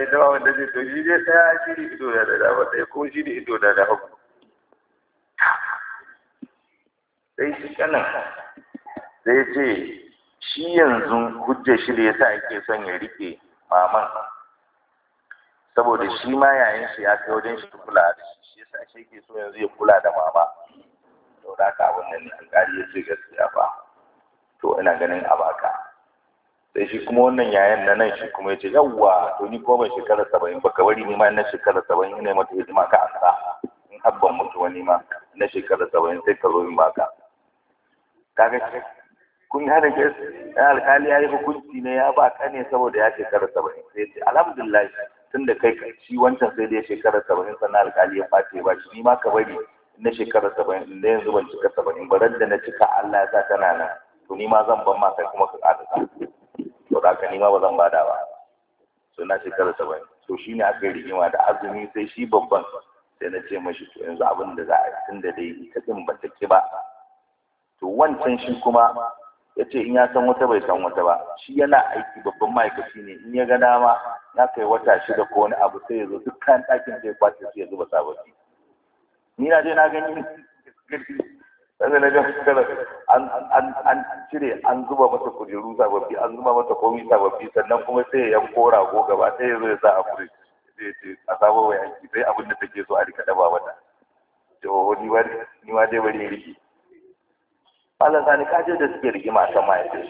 ne da wanda zai to shi zai tsaya shi ne ido na da dama ɗaya ko shi ne ido na da hagu sai shi kanan sai ce shi yanzu hujjar shi da yasa ake son ya rike maman saboda shi ma yayin shi ya kai wajen shi kula da shi shi yasa shi yake so yanzu ya kula da mama to da ka abin nan alƙali ya ce gaskiya ba to ina ganin abaka sai shi kuma wannan yayan na nan shi kuma ya ce yawwa to ni ko ban shekara saba'in ba ka bari ni ma na shekara saba'in ina mata hidima ka asa in abban mutu wani ma na shekara saba'in sai ka zo min baka kaga kun ga da kes alkali ya yi hukunci ne ya ba ka ne saboda ya shekara saba'in sai ce alhamdulillah tun da kai shi wancan sai dai shekara saba'in sannan alkali ya face ba shi nima ma ka bari na shekara saba'in inda yanzu ban cika saba'in ba da na cika Allah ya sa tana nan to ni ma zan ban ma kai kuma ka ƙara to ka ma ba zan bada ba so na shekara to shi ne aka rigima da azumi sai shi babban sai na ce mashi to yanzu abin da za a yi tun da dai ita din ba ta ki ba to wancan shi kuma ya ce in ya san wata bai san wata ba shi yana aiki babban ma'aikaci ne in ya ga dama ya kai wata shida ko wani abu sai ya zo duk kayan ɗakin zai kwace sai ya zuba sababbi ni na je na gani sai na ga kala an cire an zuba mata kujeru sababbi an zuba mata komi sababbi sannan kuma sai ya yanko rago gaba zo zai sa a kure a sabon wa yanki sai abin da take so a rika daba mata to ni ma ni ma dai bari riki malam sani ka je da suke rigima kan mahaifin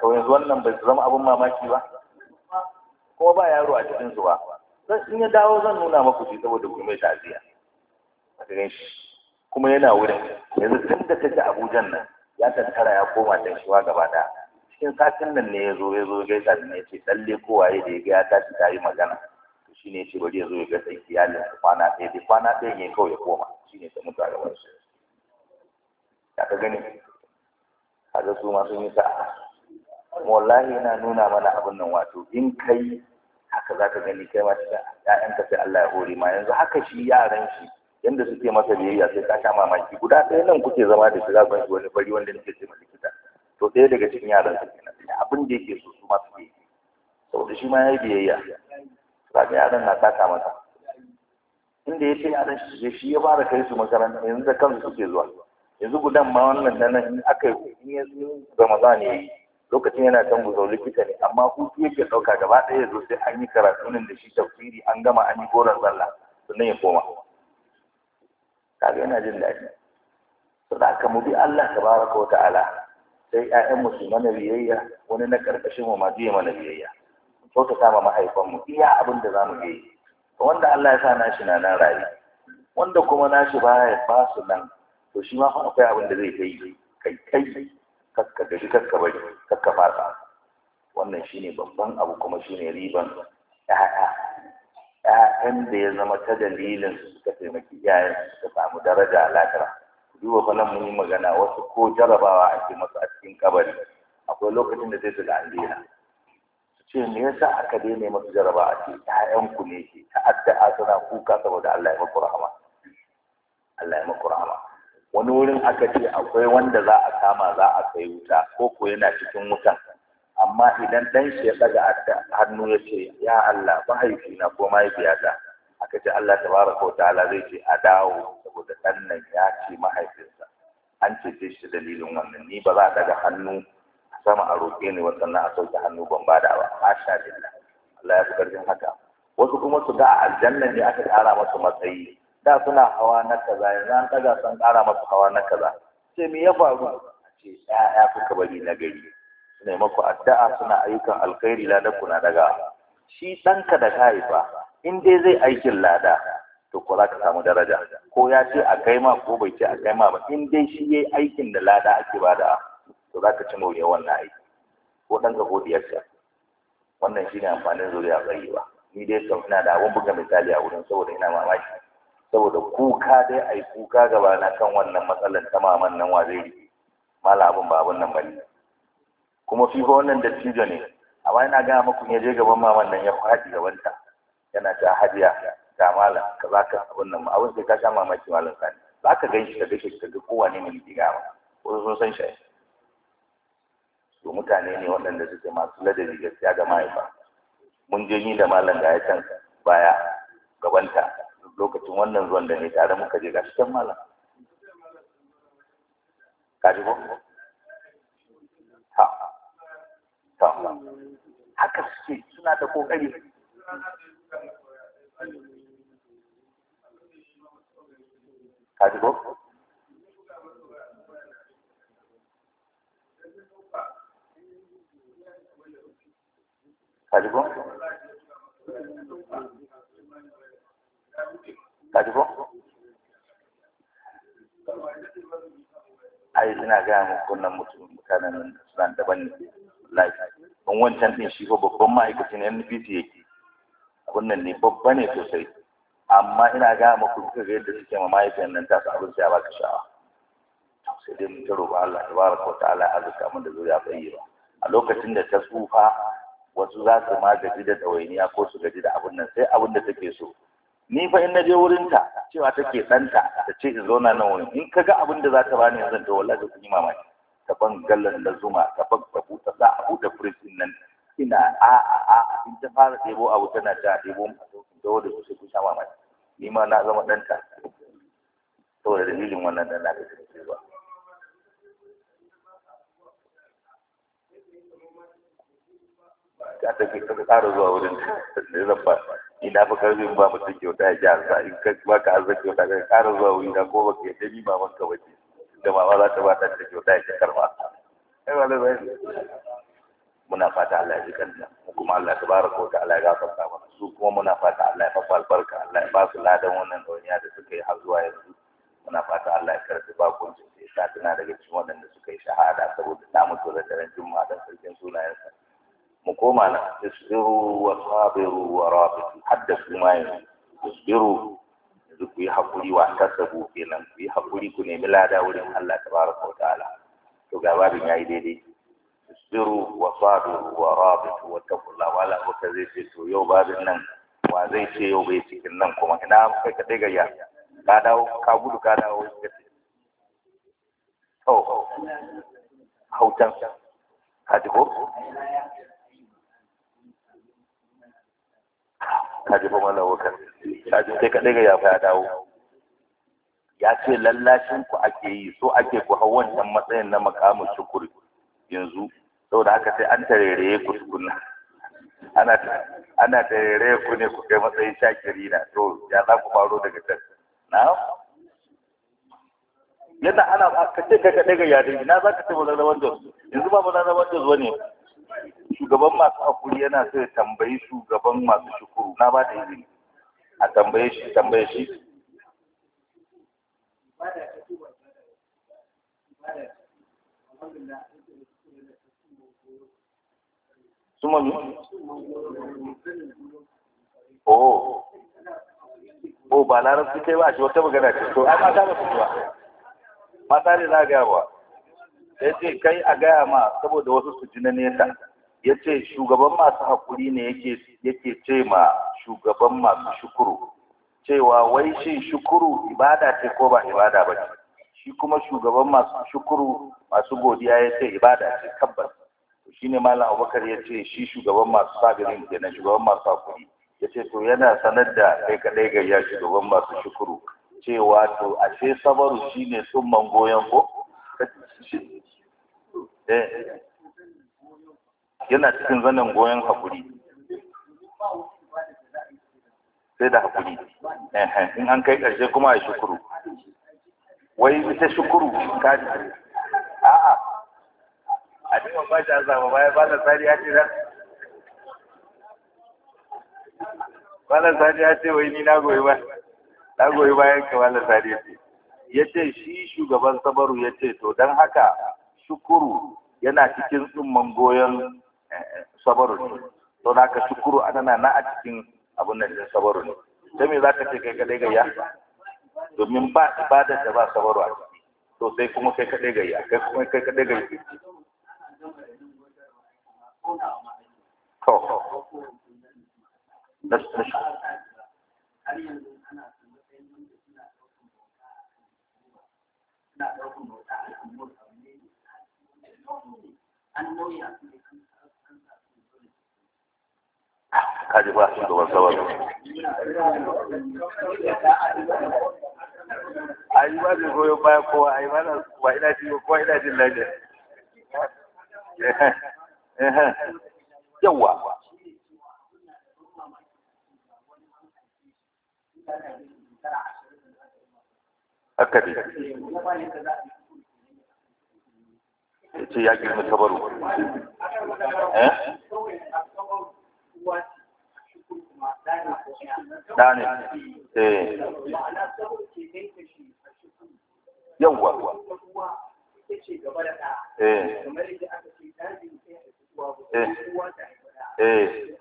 to yanzu wannan bai zama abin mamaki ba ko ba yaro a cikin su ba in ya dawo zan nuna maku shi saboda kuma ya ziya a cikin shi kuma yana wurin yanzu tun da ta ji abujan nan ya tattara ya koma can shiwa gaba ɗaya cikin satin nan ne ya zo ya zo ya gaisa da ya ce tsalle ko waye da ya ga ya tashi ta yi magana to shi ne ya ce bari ya zo ya ga ya iyalin kwana ɗaya da kwana ɗaya ne kawai ya koma shi ne ta mutu a gaban shi ya ka gani a su ma sun yi sa'a wallahi yana nuna mana abin nan wato in kai haka za ka gani kai ma cikin ƴaƴanka sai Allah ya hore ma yanzu haka shi yaran shi yanda suke masa biyayya sai ka kama mamaki guda ɗaya nan kuke zama da shi za ku shi wani fari wanda nake ce likita to ɗaya daga cikin yaran su kenan sai abin da yake so su ma su yi saboda shi ma ya yi biyayya kaga yaran na taka masa inda ya ce yaran shi shi ya fara kai su makaranta yanzu da kansu suke zuwa yanzu gudan ma wannan nan in aka yi in ya ramadan ya yi lokacin yana can guzau likita ne amma hutu yake ɗauka gaba ɗaya zo sai an yi karatu nan da shi tafsiri an gama an yi koran sallah sannan ya koma kaga yana jin daɗi to ka mu bi Allah tabaraka wa ta'ala sai ƴaƴan mu su mana biyayya wani na karkashin mu ma biye mana biyayya kyautata ma mahaifan mu iya abin da zamu yi wanda Allah ya sa nashi na nan rayu wanda kuma nashi baya ba su nan to shi ma fa akwai abin da zai kai kai kai kakka gaji kakka bari kakka fasa wannan shine babban abu kuma shine riban ƴaƴa Ya'yan da ya zama ta dalilin su suka taimaki iyayen su suka samu daraja a lahira duba fa nan mun magana wasu ko jarabawa ake masu a cikin kabari akwai lokacin da zai su ga an ce me yasa aka daina masu jaraba a ce ƴaƴan ku ne ke ta'adda suna kuka saboda Allah ya maku rahama Allah ya maku rahama wani wurin aka ce akwai wanda za a kama za a kai wuta ko ko yana cikin wutan amma idan dan shi ya daga hannu ya ce ya Allah na, ko mahaifiyata aka ce Allah tabaraka wa ta'ala zai ce a dawo saboda dan nan ya ce mahaifinsa an ce shi dalilin wannan ni ba za a daga hannu sama a roƙe ni sannan a sauke hannu ban bada ba masha Allah Allah ya fi karfin haka wasu kuma su ga a aljanna ne aka ƙara masu matsayi da suna hawa na kaza yanzu an ɗaga sun ƙara masu hawa na kaza ce me ya faru a ce ya kuka bari na gari ne maku addu'a suna ayyukan alkhairi lada kuna daga shi ɗanka da ka haifa in dai zai aikin lada to ko za ka samu daraja ko ya ce a kai ma ko bai ce a kai ma ba in dai shi yayi aikin da lada ake bada to za ka ci mawuya wannan aiki ko ɗanka ko diyarka wannan shi ne amfanin zuriya ba. ni dai sau ina da abin buga misali a wurin saboda ina mamaki saboda kuka dai ai kuka gaba na kan wannan matsalar ta maman nan wa zai mala abin ba nan bane kuma fi wannan dattijo ne amma ina gaya muku ya je gaban maman nan ya faɗi gaban ta yana ta hadiya ga malam ka za ka wannan ma abin sai ka sha mamaki malam sani za ka gan shi ka gaishe ka ga kowane ne ke gama wasu sun san shi to mutane ne waɗanda suke masu ladabi gaskiya ga mahaifa mun je ni da malam ga ya can baya gabanta lokacin wannan zuwan da ne tare muka je ga shi can malam ka ji ko haka suke suna da kokari gaya mu kunnan mutum mutanen nan daban ne wallahi ban wancan din shi ko babban ma'aikacin NPC yake abin ne babba ne sosai amma ina ga muku kuka ga yadda suke ma ma'aikacin nan ta abin sai ya baka sha'awa sai dai mun ta ba Allah tabaraka wa ta'ala ya azurta mun da zuriya bayyana a lokacin da ta tsufa wasu za su ma gaji da ɗawainiya ko su gaji da abin nan sai abin da take so ni fa in na je wurin ta cewa take ɗanta ta ce in zauna nan wurin in ka ga abin da za ta bani yanzu to wallahi kun yi mamaki ta ban gallan da zuma ta ta sa a da firistin nan ina a a a in ta fara debo abu tana ta debo dawo da su sai kun mamaki ni ma na zama ɗanta da dalilin wannan dan na da ke zuwa ka tafi ta tsara zuwa wurin da zan ba ni na fi ba mutum kyauta ya ji arza in ka ba ka arzaki kyauta ka ƙara zuwa wurin da ko ba ka da ni ba manka waje da ba wala ta ba ta ko kyauta ya karba ai ba bai muna fata Allah ya ji kanta kuma Allah ta wa ta'ala ya gafarta mana su kuma muna fata Allah ya fafa albarka Allah ya ba su ladan wannan duniya da suka yi har zuwa yanzu muna fata Allah ya karɓi bakon su sai sa tana daga cikin waɗanda suka yi shahada saboda ta mutu da daren juma'a da sarkin sunayensa mu koma na isbiru wa sabiru wa rabitu hadda su ma yanzu isbiru yanzu ku yi haƙuri wa sabu kenan ku yi haƙuri ku nemi lada wurin Allah ta tabaraka ko ta'ala to ga babin yayi daidai siru wa sadu wa rabitu wa taqullah wala ta zai ce to yau babin nan wa zai ce yau bai cikin nan kuma ina kai ka daga ya ka dawo ka gudu ka dawo to hautan ka ji ko ka ji ko malawakar kaji sai kaɗai ga yafa ya dawo ya ce lallashin ku ake yi so ake ku hau wancan matsayin na makamin shukur yanzu saboda haka sai an tarereye ku tukunna ana ana tarereye ku ne ku kai matsayin shakiri na to ya za ku faro daga can na yadda ana ka ce ka kaɗai ga yare na za ka ce ba zarawan jos yanzu ba ba zarawan jos ne. shugaban masu hakuri yana so ya tambayi shugaban masu shukuru na ba da izini a tambaye shi tambaye shi suma mi oh oh ba rasu kai ba shi wata magana ce to ai mata ba su ba mata ne za a gaya ba sai ce kai a gaya ma saboda wasu su ji na nesa ya ce shugaban masu haƙuri ne yake ce ma shugaban masu shukuru cewa wai shi shukuru ibada ce ko ba ibada ba shi kuma shugaban masu shukuru masu godiya ya ce ibada ce tabbas shi ne malam abubakar ya ce shi shugaban masu sabirin kenan shugaban masu haƙuri ya ce to yana sanar da kai kaɗai gayya shugaban masu shukuru cewa to ashe sabaru shine sun goyon ko eh. yana cikin zanen goyon haƙuri sai da haƙuri in an kai ƙarshe kuma a shukuru wai ita shukuru ka a'a a cikin ba shi azaba baya ba da tsari ya ce da tsari ya ce wai ni na goyi ba, na goyi bayan ka Malam tsari ya ce. Ya ce shi shugaban Sabaru ya ce to don haka shukuru yana cikin tsumman goyon sabaru ne to da ka shukuru anana na a cikin abun nan da sabaru ne sai me za ka ce kai kadai gayya domin ba ibada da ba sabaru a ciki to sai kuma kai kadai gayya kai kuma kai kadai gayya to na kaji ba shi gaban sabar a yi ba zai goyon bayan kowa a yi ba na ba ina ji kowa ina jin lalle yawa haka ne ya ce ya girma sabaru eh dani eh yawa eh. eh. eh.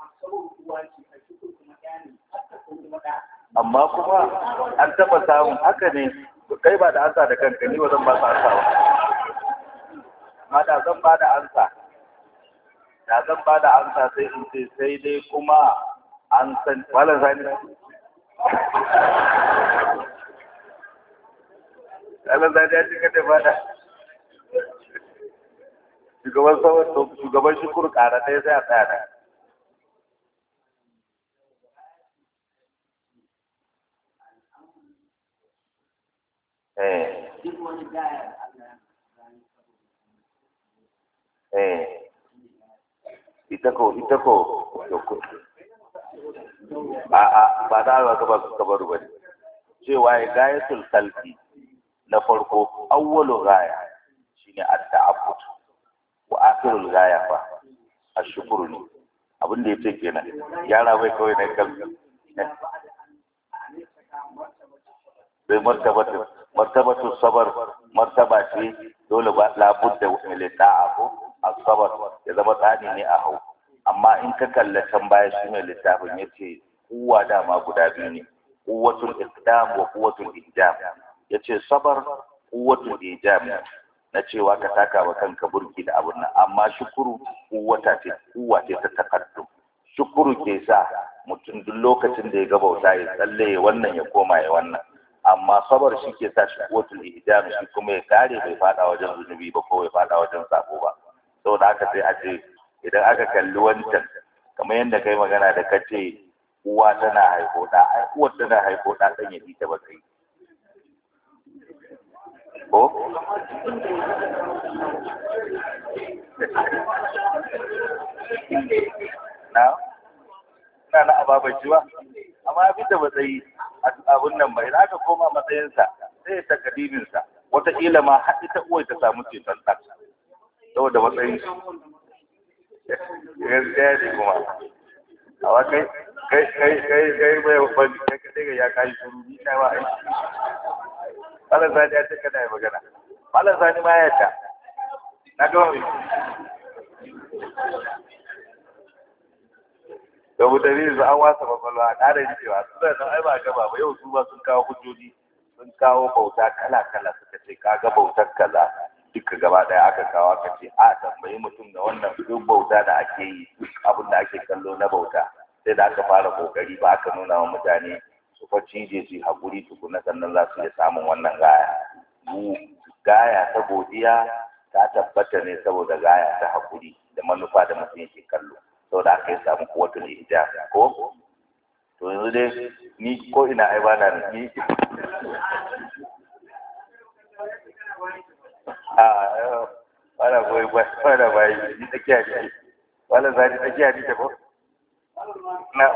amma kuma an taɓa samun haka ne kai ba da ansa da kanka ni ba zan ba sa ansa ba ma da zan ba da ansa da zan ba da ansa sai in ce sai dai kuma an san malam sani malam sani ya cika da fada shugaban sauran shugaban shukuru kara ɗaya sai a tsaya da Eh. Eh. Ita ko, ita ko, a'a ba da ba kabar kabar ba ne cewa ya gaya khalqi na farko awwalu gaya shi ne at-ta'abbud wa akhirul gaya fa shukuru ne abin da yace kenan yara bai kawai na kalmi bai martabatu martabatu sabar martaba ce dole ba labudda wa lita'a abu a sabar ya zama tsani ne a hau amma in ka kalla can baya shi ne littafin yace kuwa dama guda biyu ne kuwatul iqdam wa kuwatul ijab yace sabar kuwatul ijab na cewa ka taka wa kanka burki da abun nan amma shukuru kuwata ce kuwa ce ta takaddum shukuru ke sa mutum duk lokacin da ya ga bauta ya tsalle ya wannan ya koma ya wannan amma sabar shi ke sa shi kuwatul ijab shi kuma ya kare bai fada wajen zunubi ba ko bai fada wajen sako ba saboda haka sai a ce idan aka kalli wancan kamar yadda kai magana da kace uwa tana haifo ɗa ai uwar tana haifo ɗa ɗan ya ta baka yi ko na na na ababa jiwa ba amma ya fita matsayi abun nan bai za ka koma matsayinsa sai ya sa wata wataƙila ma haɗi ta uwar ta samu san ɗan saboda matsayin shi gaskiya ne kuma a wakai kai kai kai kai bai ban kai kai ga ya kai shuru na ba aiki Allah zani ya tuka da magana Allah zani ma ya ta na ga wani da mutane su an wasa kwakwalwa a ƙara rikewa su da nan ai ba gaba ba yau su ba sun kawo hujjoji sun kawo bauta kala kala suka ce ka ga bautar kaza duka gaba ɗaya aka kawo aka ce a tambayi mutum da wannan duk bauta da ake yi abin da ake kallo na bauta sai da aka fara kokari ba aka nuna wa mutane su fa cije su hakuri tukuna sannan za su iya samun wannan gaya mu gaya ta godiya ta tabbata ne saboda gaya ta hakuri da manufa da mutum yake kallo saboda aka yi samu ne ita ko to yanzu dai ni ko ina ai ba na ni a wala boy wala bai ni tsakiya ne wala zai tsakiya ne ko na ko ba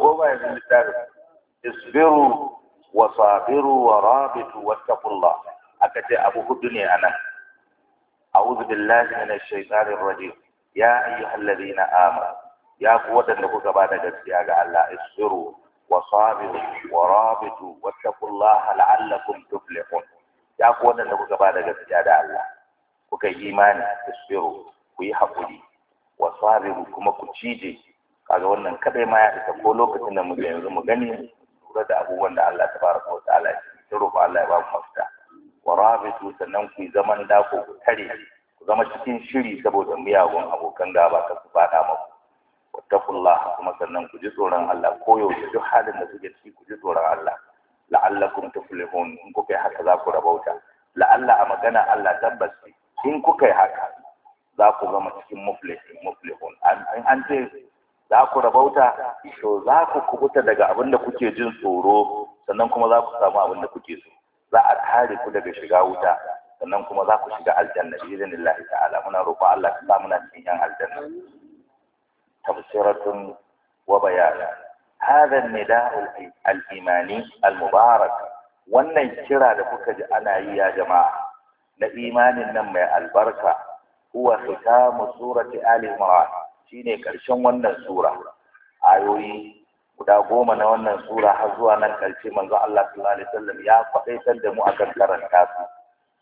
koma yanzu littafin isbiru wa sabiru wa rabitu wattaqullah aka ce abu hudu ne a anan a'udhu billahi minash shaitanir rajim ya ayyuhalladhina amanu ya ku wadanda kuka bada gaskiya ga Allah isbiru wa sabiru wa rabitu wattaqullaha la'allakum tuflihun ya ku wadanda kuka bada gaskiya da Allah kuka yi imani tasbiru ku yi haƙuri wa sabiru kuma ku cije kaga wannan kadai ma ya isa ko lokacin da muke yanzu mu gani lura da abubuwan da Allah ta tabaraka wa ta'ala ya ta roƙo Allah ya ba ku mafita wa rabitu sannan ku zaman dako ku tare ku zama cikin shiri saboda miyagun abokan gaba ka su faɗa maku wattaqullah kuma sannan ku ji tsoron Allah ko koyaushe duk halin da suke ciki ku ji tsoron Allah la'allakum tuflihun in kuka yi haka za ku rabauta la'alla a magana Allah tabbas ne in kuka yi haka za ku zama cikin muflihun in an ce za ku rabauta to za ku kubuta daga abin da kuke jin tsoro sannan kuma za ku samu abin da kuke so za a kare ku daga shiga wuta sannan kuma za ku shiga aljanna bi idinillahi ta'ala muna roƙo Allah ta samu na cikin yan aljanna tafsiratun wa bayana hadha an-nida'u al-imani al-mubarak wannan kira da kuka ji ana yi ya jama'a na imanin nan mai albarka huwa khitamu surati ali imran shine karshen wannan sura ayoyi guda goma na wannan sura har zuwa nan karshe manzo Allah sallallahu alaihi wasallam ya faɗaitar da mu akan karanta su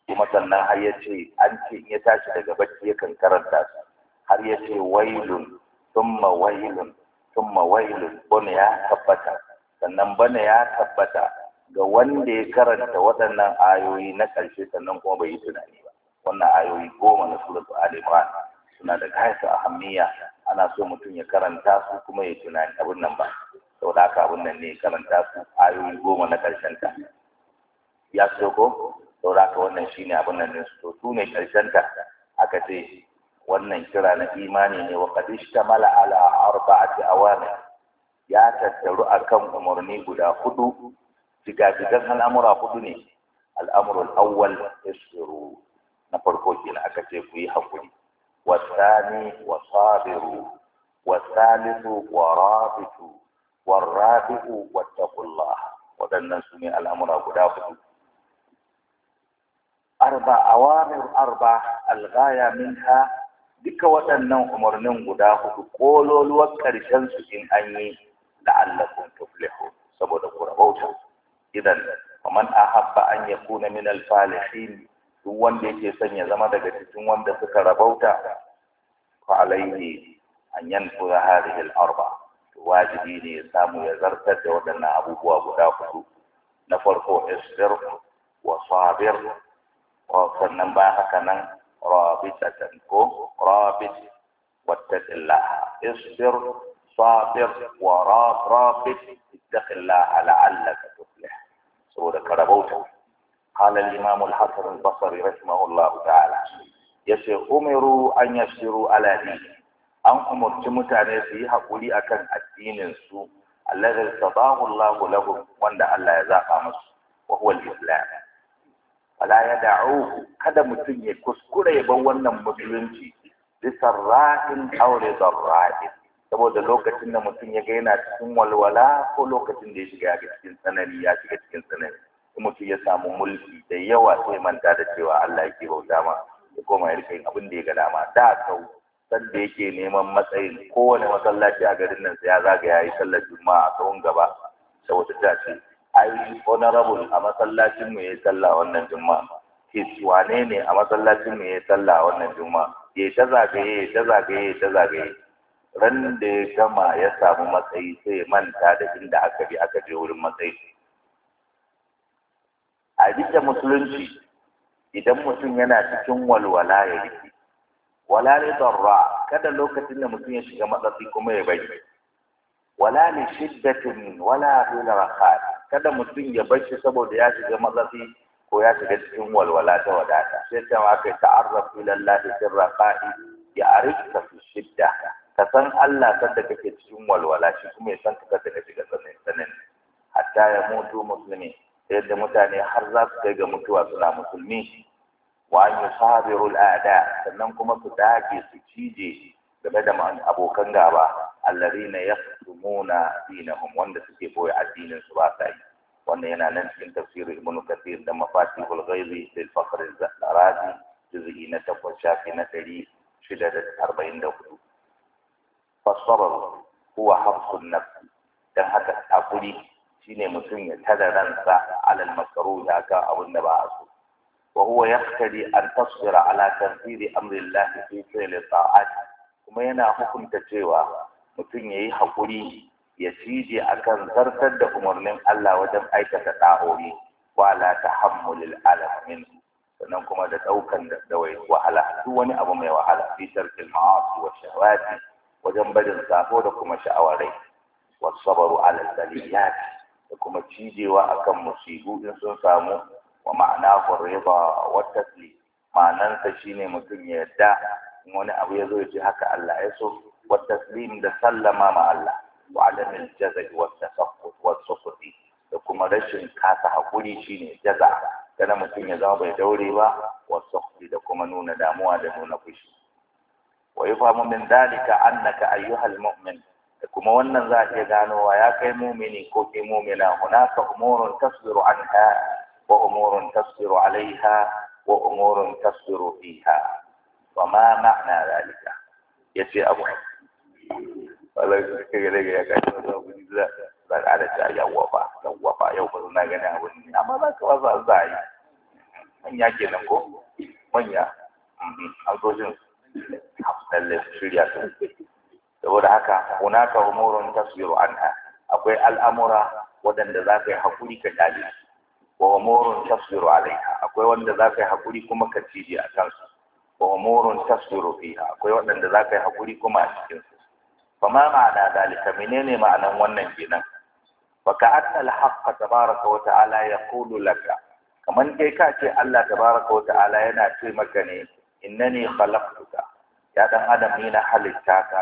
kuma sannan har ya ce an ce in ya tashi daga bacci yakan karanta su har ya ce wailun thumma wailun thumma wailun bane ya tabbata sannan bana ya tabbata ga wanda ya karanta waɗannan ayoyi na ƙarshe sannan kuma bai yi tunani ba wannan ayoyi goma na suratu ali imran suna da kaisa ahammiya ana so mutum ya karanta su kuma ya tunani abin nan ba saboda haka abin nan ne karanta su ayoyi goma na ƙarshen ta ya so ko saboda haka wannan shine abin nan ne. to su ne ƙarshen ta aka ce wannan kira na imani ne wa qad ishtamala ala arba'ati awamir ya tattaru akan umarni guda hudu diga-digan al'amura hudu ne al'amurul awwal isbiru na farko kenan aka ce ku yi hakuri wasani wasabiru wasalisu Rabi'u wa wattaqullah waɗannan su ne al'amura guda hudu arba awamir arba alghaya minha duka waɗannan umarnin guda hudu kololuwar ƙarshen su in an yi la'allakum tuflihun saboda ku rabauta idan ومن أحب أن يكون من الفالحين duk wanda yake son ya zama daga cikin wanda suka rabauta fa alaihi an yanfura hadhihi al-arba wajibi ne ya samu ya zartar da waɗannan abubuwa guda hudu na farko isbir wa sabir wa sannan ba haka nan rabitatan ko rabit wattaqillah isbir sabir wa rabit ittaqillah la'allaka saboda karabauta قال الإمام الحسن البصري رحمه الله تعالى yace umiru an yashiru ala dini an umarci mutane su yi haƙuri akan addinin su alladhi sabahu Allahu wanda Allah ya zaba musu wa huwa al-islam wala yad'u kada mutum ya kuskure ya bar wannan musulunci bi sarra'in aw ridarra'in saboda lokacin da mutum ya ga yana cikin walwala ko lokacin da ya shiga ga cikin tsanani ya shiga cikin tsanani mutum ya samu mulki da yawa sai manta da cewa Allah yake bauta ma ya koma ya yin abin da ya ga dama da kau sanda yake neman matsayin kowane masallaci a garin nan sai ya zaga ya yi sallar juma'a a tsawon gaba saboda ta ce ai honorable a masallacin mu yayi sallah wannan juma'a his wane ne a masallacin mu yayi sallah wannan juma'a ya ta zagaye ya ta zagaye ya ta zagaye ran da ya gama ya samu matsayi sai manta da inda aka bi aka je wurin matsayi a bisa musulunci idan mutum yana cikin walwala ya rike wala ne darra kada lokacin da mutum ya shiga matsatsi kuma ya bari wala ne shiddatin wala dole rahat kada mutum ya bashi saboda ya shiga matsatsi ko ya shiga cikin walwala ta wadata sai ta aka kai ta'arrafu ila Allah sirra qa'i ya arifta fi shidda ka san Allah sanda kake cikin walwala shi kuma ya san ka daga shiga sanin sanin hatta ya mutu musulmi yadda mutane har za su kai ga mutuwa suna musulmi wa an yusabiru al'ada sannan kuma su dage su cije game da abokan gaba allazina yaqtumuna dinahum wanda suke boye addinin su ba yi. wannan yana nan cikin tafsir ibn kathir da mafatihul ghaibi lil fakhr al-razi juz'i na 8 shafi na 644 fasarar huwa hafsun nafsi dan haka hakuri shine mutum ya tada ransa alal ya akan abin da ba a so wa huwa yaqtadi an tasbira ala tanfiri amri Allah fi fi'li ta'at kuma yana hukunta cewa mutum yayi hakuri ya cije akan zartar da umarnin Allah wajen aikata da'o'i wa la tahammulil alam min sannan kuma da daukan da wahala duk wani abu mai wahala fi tarkil ma'asi wa shahawati wajen barin sako da kuma sha'awar rai wasabaru ala daliliyat da kuma cijewa akan musibu in sun samu wa ma'ana riba wa tasli ma'anansa shine mutum ya yarda in wani abu ya zo ya ce haka Allah ya so wa taslim da sallama ma Allah wa adamin jazai wa tasaffut wa sukuti da kuma rashin kasa hakuri shine jaza kana mutum ya zama bai daure ba wa sukuti da kuma nuna damuwa da nuna fushi wa yufamu min dalika annaka ayyuhal mu'min da kuma wannan za a iya ganowa ya kai mumini ko ke mumina hunaka umurun tasbiru anha wa umurun tasbiru alaiha wa umurun tasbiru fiha wa ma ma'na dalika yace abu wala kake gare ga ya kai da abu da za ka da ta yawa ba yawa ba yau ba na gani abu amma za ka wasa za yi manya kenan ko manya an zo jin lalle shirya su saboda haka hunaka umurun tasbiru anha akwai al'amura waɗanda za ka yi hakuri ka dale wa umurun tasbiru alaiha akwai wanda za ka yi hakuri kuma ka cije a kansu wa umurun tasbiru fiha akwai waɗanda za ka yi hakuri kuma a cikin su fa ma ma'ana dalika menene ma'anan wannan kenan fa ka annal haqqa tabaraka wa ta'ala yaqulu laka kaman dai ka ce Allah tabaraka wa ta'ala yana ce maka ne innani khalaqtuka ya dan adam ni na halitta ka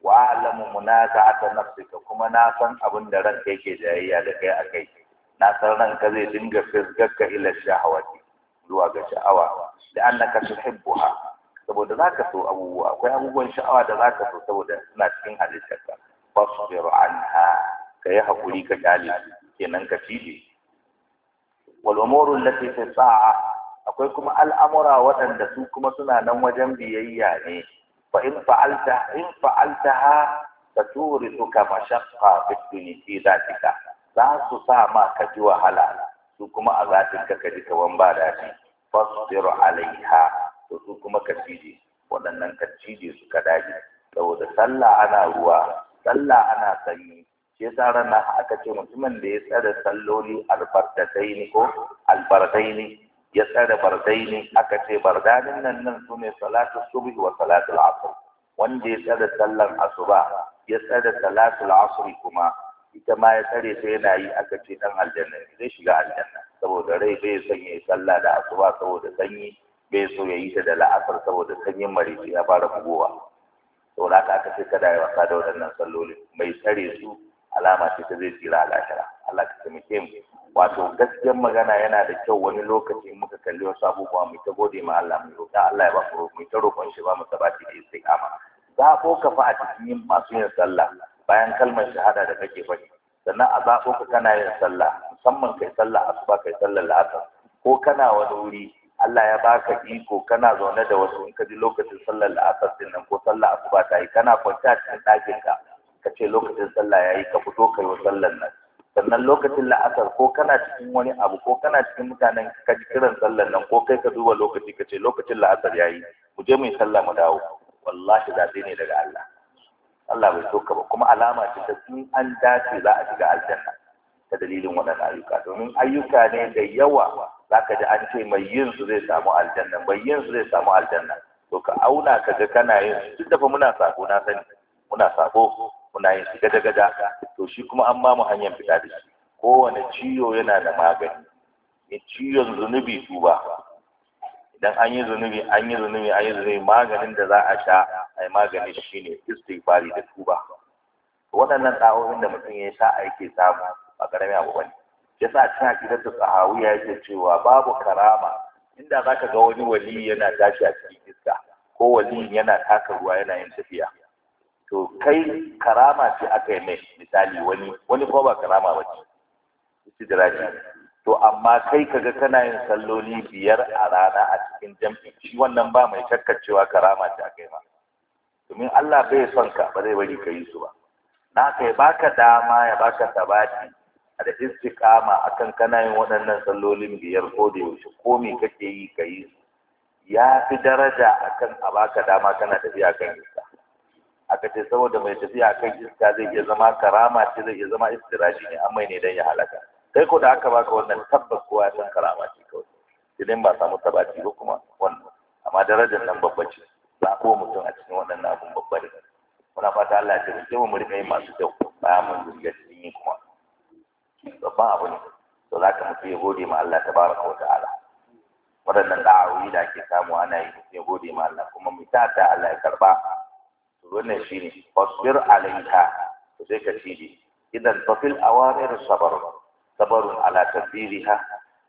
wa alamu ta nafsika kuma na san abin da ranka yake jayayya da kai akai na san ranka zai dinga fisgarka ila shahawati zuwa ga sha'awa da annaka tuhibbuha saboda zaka so abubuwa akwai abubuwan sha'awa da zaka so saboda suna cikin halittarka fasbiru anha kai hakuri ka kyale kenan ka cije wal umuru allati fi sa'a akwai kuma al'amura waɗanda su kuma suna nan wajen biyayya ne fa in fa'alta in fa'alta ha ta turi suka mashaqqa fi fi zatika za su sa ma ka ji wahala su kuma a zatin ka ka ji kawan ba daɗi fasbir alaiha to su kuma ka cije waɗannan ka cije su ka dage saboda sallah ana ruwa sallah ana sanyi shi yasa ranar aka ce mutumin da ya tsare salloli albarkatai ne ko albarkatai ne ya tsare bardaini aka ce bardanin nan nan su ne salatu subhi wa salatu al'asr wanda ya tsare sallar asuba ya tsare salatu al'asr kuma ita ma ya tsare ta yana yi aka ce dan aljanna zai shiga aljanna saboda rai bai san yayi yi sallah da asuba saboda sanyi bai so ya yi ta da la'asar saboda sanyin marici ya fara bugowa saboda haka aka ce kada ya wasa da waɗannan sallolin mai tsare su alama ce ta zai tsira a lashara Allah ta taimake mu wato gaskiyar magana yana da kyau wani lokaci muka kalli wasu abubuwa mu ta gode ma Allah mu roƙa Allah ya ba mu mu ta roƙon shi ba mu sabati da istiqama ko ka fa a cikin yin masu yin sallah bayan kalmar shahada da kake faɗi sannan a zabo ka kana yin sallah musamman kai sallah asuba kai sallar la'asar ko kana wani wuri Allah ya baka iko kana zaune da wasu in ka ji lokacin sallar la'asar din ko sallar asuba ta yi kana kwanta cikin ɗakin ka ka ce lokacin sallah ya yi ka fito ka yi wa sallar nan sannan lokacin la'asar ko kana cikin wani abu ko kana cikin mutanen ka ji kiran sallar nan ko kai ka duba lokaci ka ce lokacin la'asar ya yi mu je mu yi sallah mu dawo wallahi zaɓe ne daga Allah Allah bai so ka ba kuma alama ce ta sun an dace za a shiga aljanna ta dalilin waɗannan ayyuka domin ayyuka ne da yawa za ka ji an ce mai yin su zai samu aljanna mai yin su zai samu aljanna to ka auna ka ga kana yin su duk da muna sako na sani muna sako kuna yin su gada gada to shi kuma an mamu hanyar fita da shi kowane ciwo yana da magani in ciwon zunubi duba. idan an yi zunubi an yi zunubi an yi zunubi maganin da za a sha a yi magani shi ne istighfari da tuba waɗannan ɗa'o'in da mutum ya sha aiki samu a ƙaramin abu bane ya sa cin akidar da ya yake cewa babu karama inda za ka ga wani wali yana tashi a cikin iska ko wali yana taka ruwa yana yin tafiya to kai karama ce aka yi mai misali wani wani ko ba karama ba ce istidraji to amma kai kaga kana yin salloli biyar a rana a cikin jam'i shi wannan ba mai shakkar cewa karama ce aka yi ma domin Allah bai son ka ba zai bari ka yi su ba na kai baka dama ya baka sabati da istiqama akan kana yin waɗannan sallolin biyar ko da yaushe ko me kake yi ka su ya fi daraja akan a baka dama kana tafiya kan iska aka ce saboda mai tafiya kan iska zai iya zama karama ce zai iya zama istirashi ne amma ne dan ya halaka kai ko da aka baka wannan tabbas kowa san karama ce kawai idan ba samu tabati ba kuma wannan amma darajar nan babba ce ba ko mutum a cikin waɗannan abun babba ne muna fata Allah ya taimake mu mu rika yin masu kyau ba mun zuciya cikin yi kuma babban abu ne to za ka mutu ya gode ma Allah tabaraka wa ta'ala waɗannan da'awoyi da ake samu ana yi ya gode ma Allah kuma mu ta Allah ya karba wannan shi ne wasbir alaiha to sai ka cije idan a awarir sabar sabarun ala ha,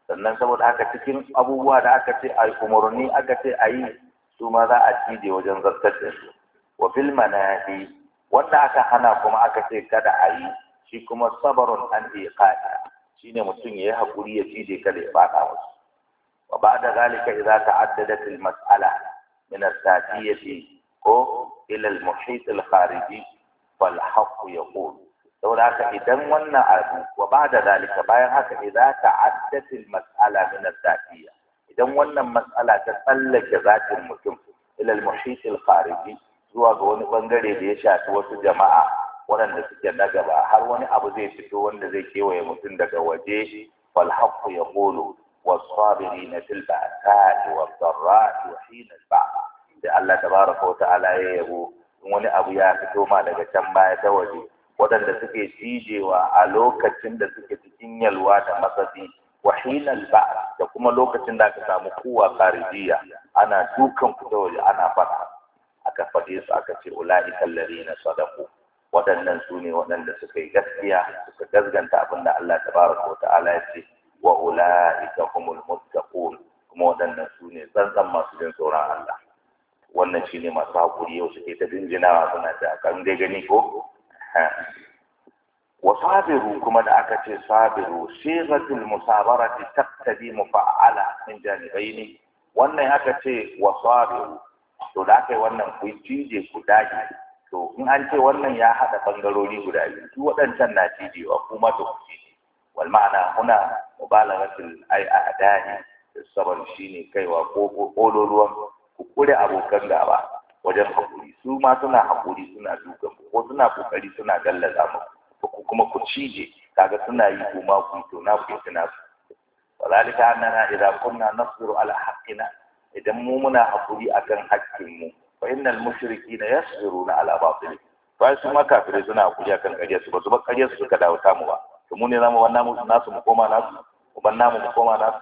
sannan saboda haka cikin abubuwa da aka ce ai umarni aka ce ayi su ma za a cije wajen zartar da su wa fil manahi wanda aka hana kuma aka ce kada ayi shi kuma sabarun an iqata shine mutum yi hakuri ya cije kada ya fada wasu wa ba'da zalika idza ta'addadat al mas'ala min as-satiyati ko ilal muhit al-khariji fal haqq yaqul saboda haka idan wannan abu wa ba'da zalika bayan haka idza ta'addat al-mas'ala min al-zatiyya idan wannan mas'ala ta tsallake zatin mutum ilal muhit al-khariji zuwa ga wani bangare da ya shafi wasu jama'a waɗanda suke na gaba har wani abu zai fito wanda zai kewaye mutum daga waje wal haqqu yaqulu was-sabirina fil ba'sa'i wad-dharra'i sai Allah tabaraka wata'ala ya yabo in wani abu ya fito ma daga can baya ta waje waɗanda suke cijewa a lokacin da suke cikin yalwa da wa wahinal ba'a. da kuma lokacin da aka samu kuwa jiya ana dukan ku ta waje ana fata aka faɗe su aka ce ula'ikal na sadaku waɗannan su ne waɗanda suka yi gaskiya suka gazganta abin da Allah tabaraka wa ya ce wa ula'ika humul muttaqun kuma waɗannan su ne tsantsan masu jin tsoron Allah wannan shine masu hakuri yau suke ta dinjinawa suna ta kan dai gani ko wa sabiru kuma da aka ce sabiru sigatul musabarati taqtadi mufa'ala min janibaini wannan aka ce wa sabiru to da kai wannan ku cije ku dage to in an ce wannan ya haɗa bangarori guda biyu su waɗancan na cijewa kuma to ku cije wal ma'ana huna mubalaghatul ai a'dahi sabar shine kaiwa ko ko ruwan kukure abokan gaba wajen hakuri su ma suna hakuri suna dukan ko suna kokari suna gallaza mu ko kuma ku cije kaga suna yi kuma ku to na ku kana su walalika annana idza kunna nasru ala haqqina idan mu muna hakuri akan haƙƙin mu fa innal mushrikina yasiruna ala batil fa su ma kafire suna hakuri akan ƙarya su ba su ba ƙarya su suka dawo mu ba to mu ne zamu wannan mu nasu mu koma nasu ko banna mu koma nasu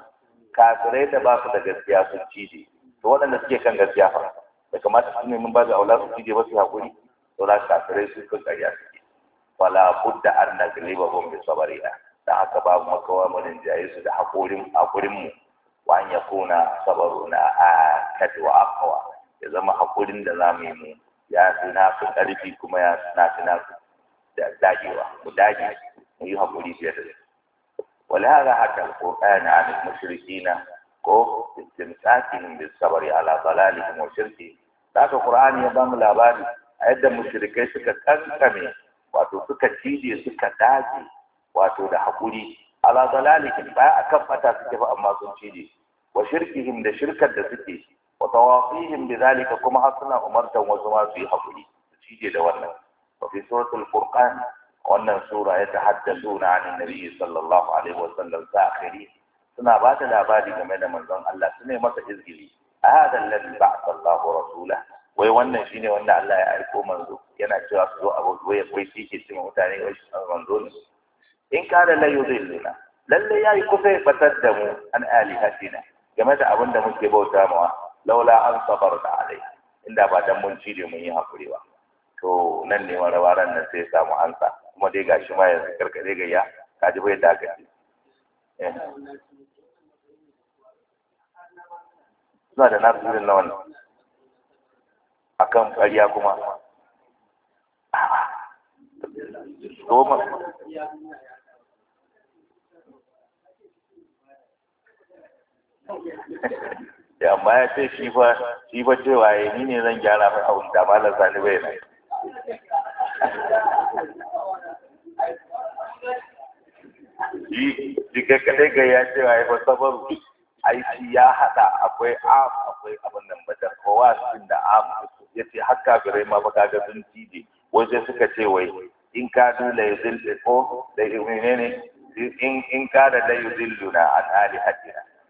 kafire da ba su da gaskiya su cije to waɗanda suke kan gaskiya fa da kamata su ne mun ba da aula su ji ba su hakuri to za kafirai su kan ƙarya suke fala budda an na galiba hum bi sabarina da haka mu kawai mu rinjaye su da hakurin hakurin mu wa an yakuna sabaruna a kadwa aqwa ya zama hakurin da za mu yi mu ya fi su ƙarfi kuma ya na fi da dagewa mu dage mu yi hakuri fiye da su ولهذا حكى القرآن an mushrikina ko istimsakihim bis sabri ala dalalihim wa shirki haka ƙura'ani ya bamu labari a yadda mushrikai suka kankame wato suka cije suka daji wato da hakuri ala dalalihim ba akan fata suke ba amma sun cije wa shirkihim da shirkar da suke wa tawafihim bidhalika kuma har suna umartan wasu ma su yi hakuri su cije da wannan wa fi suratul furqan wannan sura ya tahaddathuna an nabi sallallahu alaihi wa wasallam sakhirin suna ba da labari game da manzon Allah suna masa izgili hada alladhi ba'atha Allahu rasula wai wannan shine wanda Allah ya aiko manzo yana cewa su zo a wai wai shi ke cewa mutane wai shi manzo ne in kada la yudilluna lalle yayi kusa ya batar da mu an alihatina game da abin da muke bauta mawa laula an da alai inda ba dan mun cire mun yi hakuri ba to nan ne marabaran nan sai samu ansa kuma dai gashi ma yanzu karkare gayya kaji bai da suna da nasirin na wannan kan ƙarya kuma goma da amma ya ce shi ba shi waye ni ne zan gyara mai abun da lansa ni bai na shi kakadai kadai ga ya cewa ya ba sabaru aiki ya haɗa akwai am akwai abin nan ba kowa sun da am ya ce har kafirai ma baka ga sun cije waje suka ce wai in ka dula ya zil ko da ne ne in ka da la yuzilluna an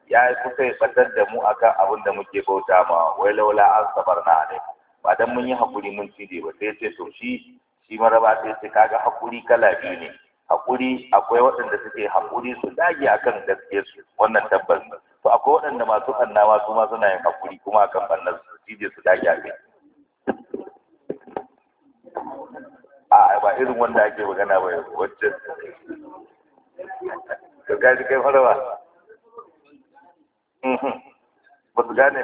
ya yi kuka yi batar da mu akan abin da muke bauta ma wai laula an sabar na alai ba dan mun yi hakuri mun cije ba sai ce to shi shi maraba sai ce kaga hakuri kala biyu ne hakuri akwai waɗanda suke hakuri su dage akan gaskiyar su wannan tabbas to akwai waɗanda masu ɓanna su ma suna yin hakuri kuma akan ɓannar su cije su dage a kai a ba irin wanda ake magana ba yanzu wacce ka gaji kai farawa mhm. ba su gane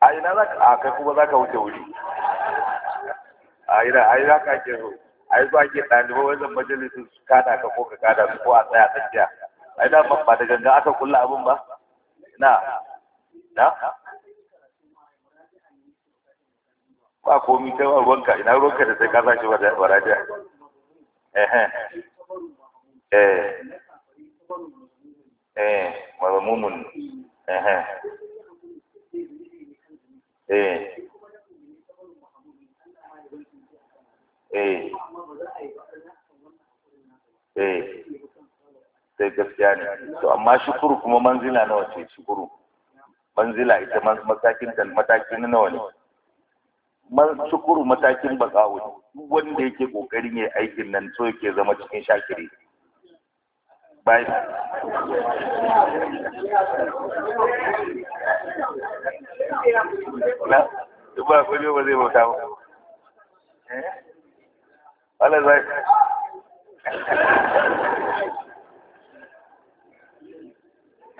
a ina za ka a kai kuma za ka wuce wuri a ina a ina ka ke so a yi zuwa ke ɗalibai wajen majalisun su kada ka ko ka kada su ko a tsaya tsakiya ai da ba da ganga aka kulla abin ba na na ba komi kai ba ruwanka ina ruwanka da sai ka sa shi ba da baraja eh. Eh, eh eh eh eh eh eh eh sai gaskiya ne to amma shukuru kuma manzila nawa ce shukuru manzila ita matakin mataki na nawa ne Man shukuru matakin bakawo duk wanda yake kokarin yayi aikin nan so yake zama cikin shakiri bai na ba ko ba zai bauta ba eh? Allah zai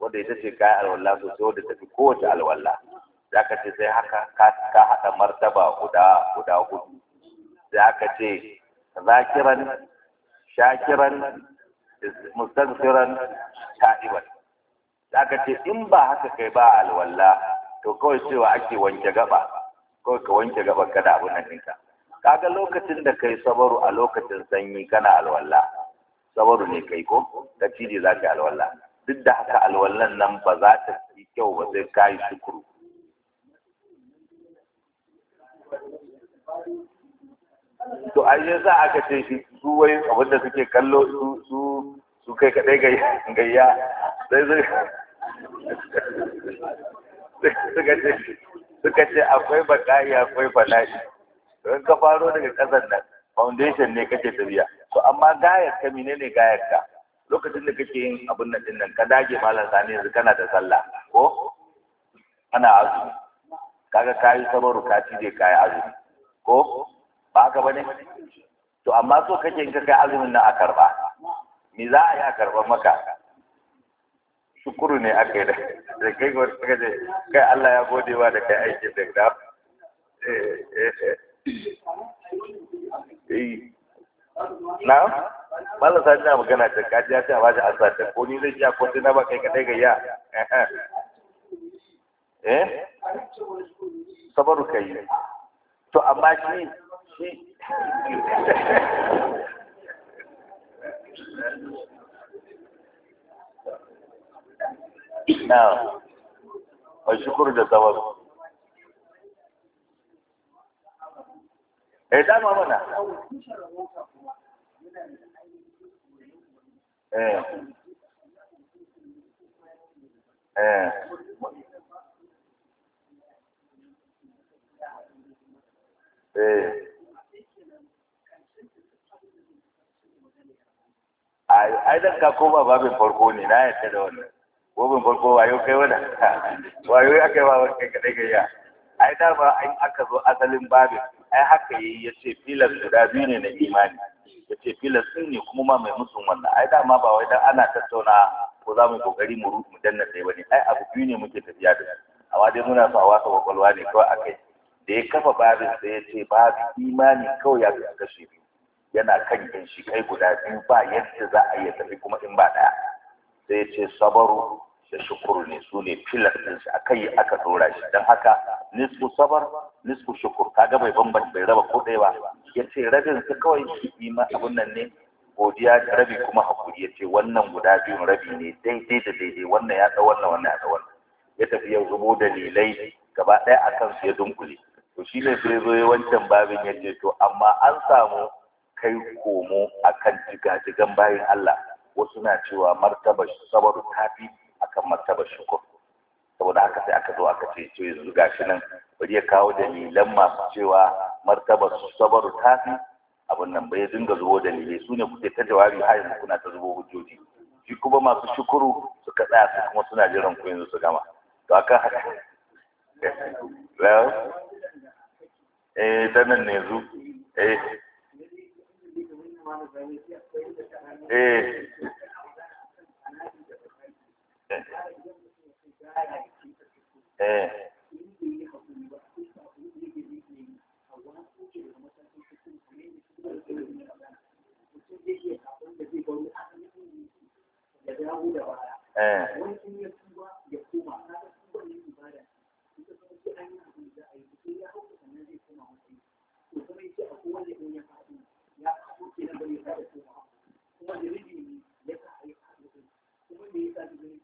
wanda ita ce kayan alwala sosai wadda tafi kowace alwala za ka ce sai haka ka haɗa martaba guda guda hudu za ka ce zakiran shakiran mustaghfiran ta'iban za ka ce in ba haka kai ba alwala to kawai cewa ake wanke gaba kawai ka wanke gaba kada abu nan ɗinka kaga lokacin da kai sabaru a lokacin sanyi kana alwala sabaru ne kai ko ka cije za ka yi alwala duk da haka alwallan nan ba za ta yi kyau ba zai ka yi shukuru to a yi za aka ce shi su wai abinda suke kallo su su su kai kaɗai gayya sai zai suka ce suka ce akwai ba akwai bala'i don ka faro daga ƙasar nan foundation ne kake tafiya to amma gayar ka ne gayar ka lokacin da kake yin abin nan dinnan ka dage malam sani yanzu kana da sallah ko ana azumi kaga kayi sabaru ka cije kayi azumi ko ba ka bane to amma so kake in ka kai azumin nan a karba me za a yi a karban maka shukuru ne aka yi da da kai ga wata kaje kai Allah ya gode wa da kai aikin da ka eh eh eh, eh. na Malam sani na magana ta kaji ya ce a bashi asata ko ni zai iya kwanci na ba kai kadai ga ya eh sabaru kai to amma shi shi Now, a shukuru da sabaru. Eh, dama mana. eh eh eh ai dan ka koma babin farko ne na yadda da wannan babin farko wayo kai wani wayo ya kai ba wani kai kadai gayya ai dama an aka zo asalin babin ai haka yi ya ce filan guda biyu ne na imani ya ce ɗin ne kuma ma mai musun wannan ai dama ba wai dan ana tattauna ko za mu yi kokari mu rufe mu danna sai bane ai abu biyu ne muke tafiya da amma dai muna sa wasa kwakwalwa ne kawai akai da ya kafa babin sai ya ce babu imani kawai ya kasu kashe biyu yana kan shi kai guda biyu ba yadda za a iya tafi kuma in ba ɗaya sai ya ce sabaru da shukuru ne su ne filas ɗin shi a kai aka dora shi don haka nisfu sabar nisfu shukur kaga bai bambanta bai raba ko ɗaya ba ya ce rabin su kawai ima abun nan ne godiya da rabi kuma hakuri ya ce wannan guda biyun rabi ne daidai da daidai wannan ya ɗau wannan wannan ya ɗau wannan ya tafi ya zubo dalilai gaba ɗaya a kansu ya dunkule to shi ne sai zo wancan babin ya ce to amma an samu kai komo akan jigajigan bayan Allah wasu na cewa martaba sabaru ta fi akan martaba shukur saboda haka sai aka zo aka ce to yanzu gashi nan bari ya kawo dalilan masu cewa martaba su sabaru fi abin nan bai dinga zubo dalilai su ne kuke ta jawabi har yanzu kuna ta zubo hujjoji shi kuma masu shukuru suka tsaya su kuma suna jiran ku yanzu su gama to aka haka eh ta nan ne yanzu eh eh eh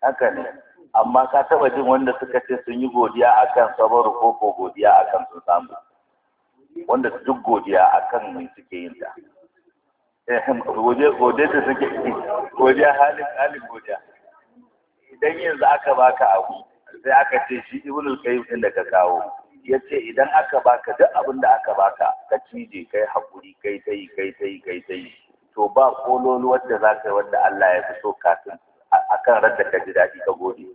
haka ne amma ka taba jin wanda suka ce sun yi godiya kan sabar ko ko godiya kan sun samu wanda duk godiya kan mai suke yin ta godiya da suke godiya halin halin godiya idan yanzu aka baka abu sai aka ce shi ibnul qayyim yi inda ka kawo ya ce idan aka baka duk abin da aka baka ka cije kai hakuri kai ta yi kai ta yi kai ta yi to ba kololi wadda za ka yi wadda Allah ya fi so kafin a kan randa ka ji daɗi ka gode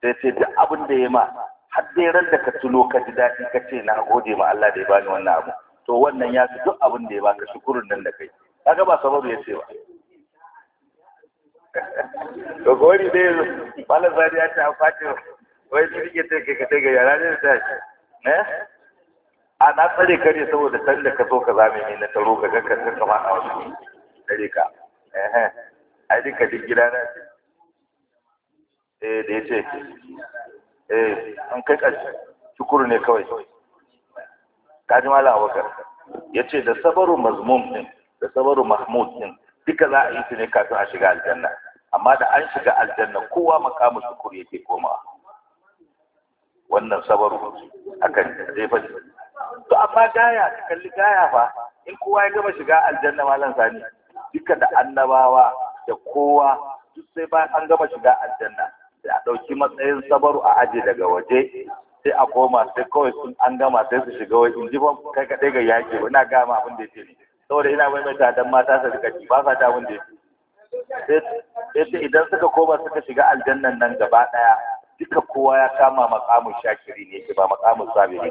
sai ce da abin da ya ma har dai radda ka tuno ka ji daɗi ka ce na gode ma Allah da ya bani wannan abu to wannan ya fi duk abin da ya baka shukurin nan da kai kaga ba sababu ya ce ba to gori dai malam zari ya ta wa. wai su rike take ka take yara ne da tashi ne eh? a na tsare ka ne saboda sanda ka so ka zame ne na taro ka ganka sun kama a wasu tsare ka eh ai duka duk gida na eh da ya ce. eh an kai ƙarshe shukuru ne kawai ji mala abubakar ce da sabaru mazmum din da sabaru mahmud din duka za a yi su ne kafin a shiga aljanna amma da an shiga aljanna kowa makamu shukuru yake komawa wannan sabaru akan jefa jefa to amma gaya ka kalli gaya fa in kowa ya gama shiga aljanna malam sani duka da annabawa da kowa duk sai bayan an gama shiga aljanna sai a ɗauki matsayin sabaru a aje daga waje sai a koma sai kawai sun an gama sai su shiga waje. in ji ba kai kaɗai ga yaƙi ba ina gama abin da ya ce ne saboda ina maimaita dan mata su rika ci ba sa ta abin da ya ce sai idan suka koma suka shiga aljannan nan gaba ɗaya duka kowa ya kama makamun shakiri ne ke ba makamun sabiri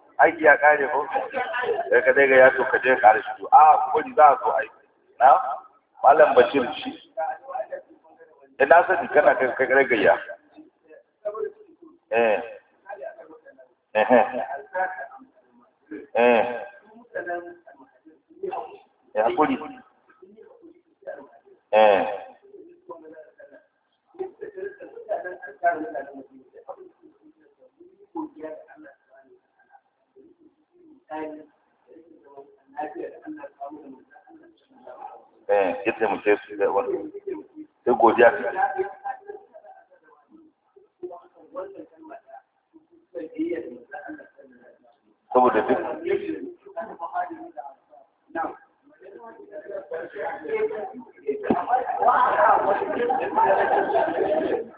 aiki ya kare ko sai ka daga ya to ka je kare shi a ko ni za a so aiki na malam bashir shi ina eh, sani kana ka kai ya? eh eh eh ya hakuri eh eh ya taimake su da wani sai godiya ta saboda duk Thank you.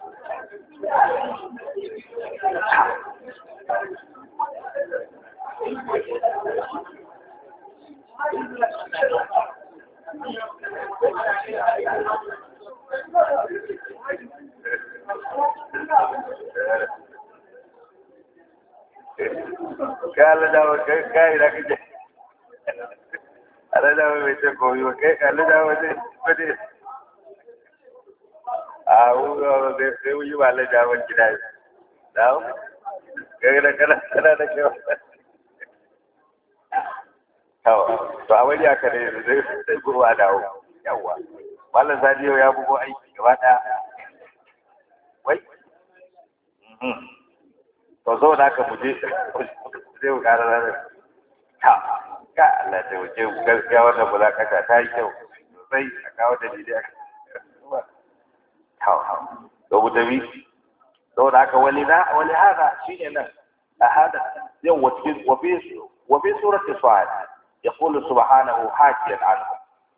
kai da kake alada mai ce koyo kai alada wajen fade a wuri da sai wuyi ba alada ban gida ne da kai da kana kana da kyau yawa to a wani aka da ne zai sai da dawo yawa malam sadiyo ya bugo aiki gaba daya wai mhm. to zo da aka muje zai mu ƙara ranar Allah ya taimake mu gaskiya wannan mulakata ta yi kyau sosai a kawo dalilai a kawo da wutabi saboda haka wani na wani hada shi ne nan a hada yau wafi wafi surat sa'ad ya kula subhanahu hakiyan anhu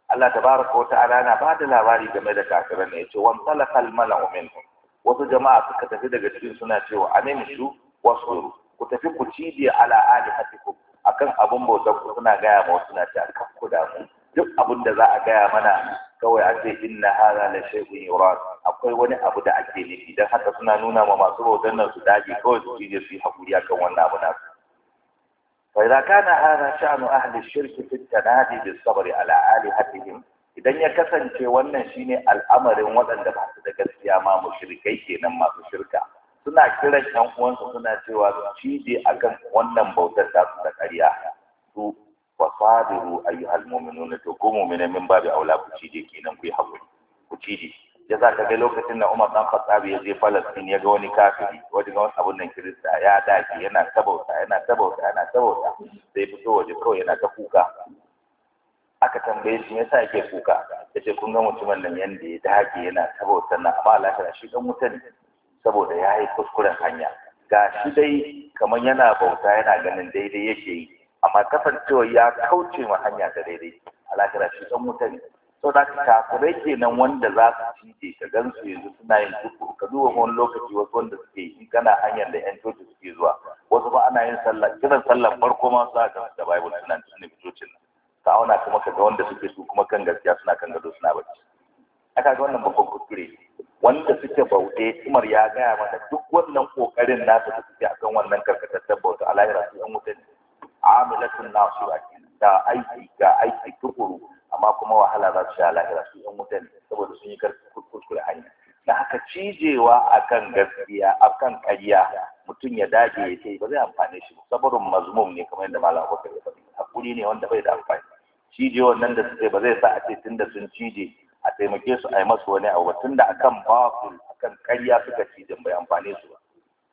Allah tabaraka wa ta'ala na ba da labari game da kafiran ne yace wan talakal mala'u minhum wasu jama'a suka tafi daga cikin suna cewa amin wasu wasbiru ku tafi ku cibiya ala alihatikum akan abin bautar ku suna gaya ma wasu na ta kan ku damu duk abun da za a gaya mana kawai a ce inna hada la shay'un yurad akwai wani abu da ake nufi dan haka suna nuna ma masu bautar nan su dage kawai su je su yi hakuri akan wannan abu nasu فإذا كان هذا شأن أهل الشرك في التنادي بالصبر على آلهتهم idan ya kasance wannan shine al'amarin waɗanda ba su da gaskiya ma mushrikai kenan masu shirka suna kiran yan uwansu suna cewa su cije akan wannan bautar ta su da ƙarya su fasadiru ayyuhal mu'minun to ko mu'mina min babu aula ku cije kenan ku yi hakuri ku cije ya za ka ga lokacin da Umar dan Khattab ya je Palestine ya ga wani kafiri wani ga wani abun nan Kirista ya dace yana sabauta yana sabauta yana sabauta sai fito waje kawai yana ta kuka aka tambaye shi yasa yake kuka yace kun ga mutumin nan yanda ya dace yana sabauta na amma Allah shi dan wuta ne saboda ya yi kuskuren hanya ga shi dai kamar yana bauta yana ganin daidai yake yi amma kasancewa ya kauce ma hanya da daidai alakira shi ɗan wuta ne sau da kafirai kenan wanda za su ke, ka gan su yanzu suna yin tuku ka duba wani lokaci wasu wanda suke yi kana hanyar da yan coci suke zuwa wasu ba ana yin sallah kiran sallah farko ma su haka da bible suna tunanin cocin ka auna kuma ka ga wanda suke su kuma kan gaskiya suna kan gado suna bacci aka ga wannan babban kuskure wanda suke bauɗe Umar ya gaya mata duk wannan kokarin na su suke akan wannan karkatattar bauta a lahira su yan wutan amilatun nasu ga aiki ga aiki tukuru amma kuma wahala za su sha lahira su yan wutan saboda sun yi kuskure hanya da haka cijewa a kan gaskiya a kan ƙarya mutum ya dage ya ce ba zai amfane shi sabarin mazmum ne kamar yadda malam Abubakar ya faɗi hakuri ne wanda bai da amfani Cijewa nan da suke ba zai sa a ce tunda sun cije a taimake su a yi masu wani abu da akan batil akan karya suka ci din bai amfane su ba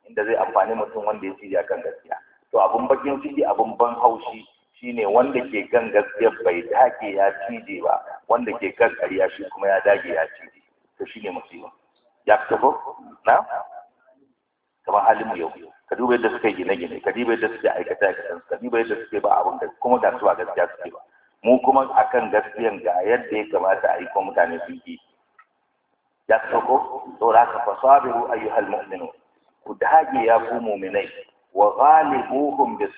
inda zai amfani mutum wanda ya ci akan gaskiya to abun bakin ciki abun ban haushi shine wanda ke kan gaskiya bai dage ya cije ba wanda ke kan karya shi kuma ya dage ya cije to shine musiba ya fito ko na kamar halin mu yau ka duba yadda suka yi gine-gine ka duba yadda suke aikata aikata ka duba yadda suke ba abun da kuma da suwa gaskiya suke ba mu kuma akan gaskiyan ga yadda ya kamata a yi kuma mutane sun yi ya sako saboda haka fasabiru ayyuhal mu'minu ku dage ya ku mu'minai wa ghalibuhum bis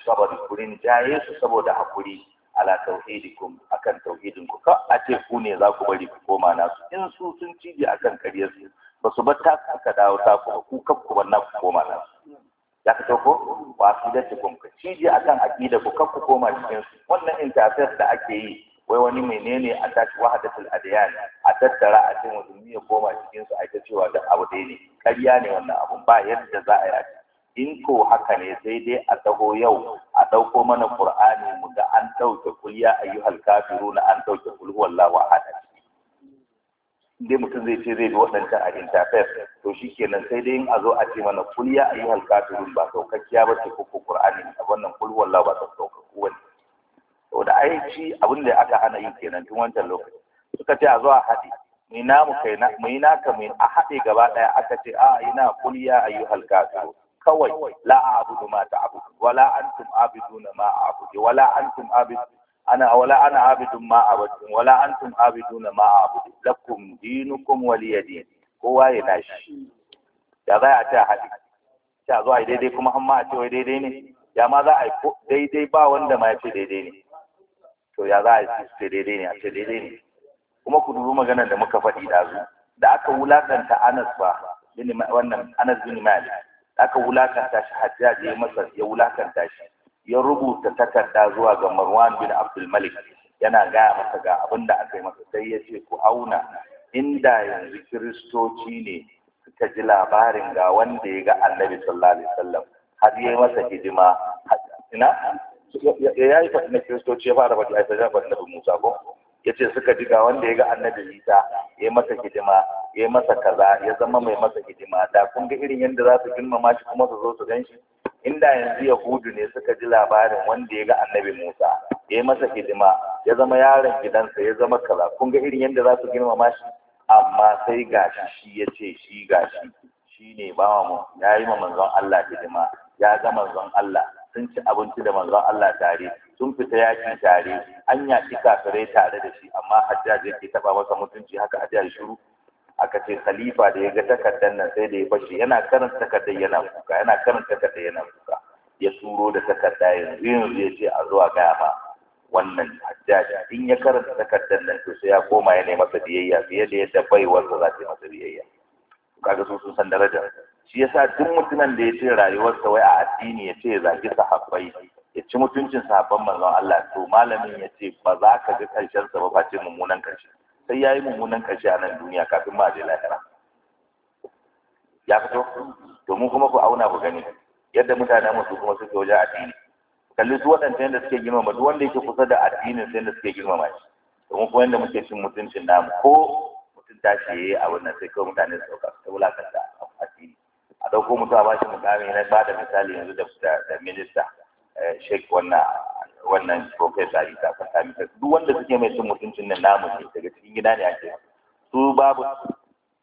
kurin jaye su saboda hakuri ala tauhidikum akan tauhidin ku ka a ce ku ne za ku bari ku koma nasu in su sun cije akan kariyar su ba su bar ta aka dawo ta ku ku kaf ku na ku koma nasu ya fito ko wa aqidatukum ka a kan aƙida ku ku koma cikin su wannan intafes da ake yi wai wani menene a tashi wahadatul adiyan a tattara a cikin musulmi ya koma cikin su a ita cewa da abu dai ne ƙarya ne wannan abun ba yadda za a yi in ko haka ne sai dai a taho yau a ɗauko mana qur'ani mu ga an ɗauke kulya ayyuhal kafiruna an ɗauke kulhu wallahu ahad inda mutum zai ce zai bi waɗancan a interface to shi kenan sai dai a zo a ce mana kul ya ayi halkatun ba saukakkiya ba ce koko qur'ani a wannan kul wallahu ba saukakku wani. to da ai shi abin da aka hana yin kenan tun wancan lokaci suka ce a zo a haɗe mai na mu kai na mai na ka mai a haɗe gaba ɗaya aka ce a ina kul ya ayi halkatun kawai la a'budu ma abu, wala antum abiduna ma a'budu wala antum abidu ana wala ana abidun ma abidun wala antum abiduna ma abudu lakum dinukum waliya din kowa ya nashi da za a ta haɗi ta zo a daidai kuma hamma a ce wai daidai ne ya ma za a yi daidai ba wanda ma ya ce daidai ne to ya za a yi ce daidai ne a ce daidai ne kuma ku dubi maganar da muka faɗi da zu da aka wulakanta Anas ba wannan Anas bin Malik aka wulakanta shi hajjaji ya masa ya wulakanta shi ya rubuta takarda zuwa ga Marwan bin Abdul Malik yana gaya masa ga abin da aka yi masa sai ya ce ku auna inda yanzu kiristoci ne suka ji labarin ga wanda ya ga annabi sallallahu alaihi wasallam har yi masa hidima ina ya yi fatina kiristoci ya fara fatina ya fara fatina Musa ko Ya ce suka ji ga wanda ya ga annabi Isa ya masa hidima ya masa kaza ya zama mai masa hidima da kun ga irin yadda za su girmama shi kuma su zo su gan shi inda yanzu yahudu ne suka ji labarin wanda ya ga annabi musa ya masa hidima ya zama yaron gidansa ya zama kaza kun ga irin yadda za su girmama shi amma sai gashi shi ya ce shi gashi shi ne bawa mu ya yi ma manzon allah hidima ya ga manzon allah sun ci abinci da manzon allah tare sun fita yaƙi tare an yaƙi kafirai tare da shi amma hajjaj yake taɓa masa mutunci haka jihar shiru aka ce khalifa da ya ga takardar nan sai da ya fashe yana karanta takardar yana kuka yana karanta takardar yana kuka ya turo da takarda yanzu yanzu ya ce a zuwa gaya ma wannan hajjaj in ya karanta takardar nan to sai ya koma ya nemi masa biyayya fiye da yadda baiwarsa za ta yi masa biyayya kaga su sun san darajar shi yasa duk mutumin da ya ce rayuwarsa wai a addini ya ce ya zagi sahabbai ya ci mutuncin sahabban manzon Allah to malamin ya ce ba za ka ga karshen sa ba ce mummunan karshe sai yayi mummunan karshe a nan duniya kafin ma je lahira ya fito to mu kuma ku auna ku gani yadda mutanen mu su kuma suke wajen addini kalli su waɗancan yadda suke girmama duk wanda yake kusa da addinin sai da suke girmama shi domin kuma yadda muke cin mutuncin namu ko mutum tashi yayi a wannan sai kawai mutane su ɗauka ta wulakanta a addini a ɗauko mutum a bashi mukami na ba da misali yanzu da minista shek wannan wannan professor Isa Kasami duk wanda suke mai cin mutuncin nan namu ne daga cikin gida ne ake su babu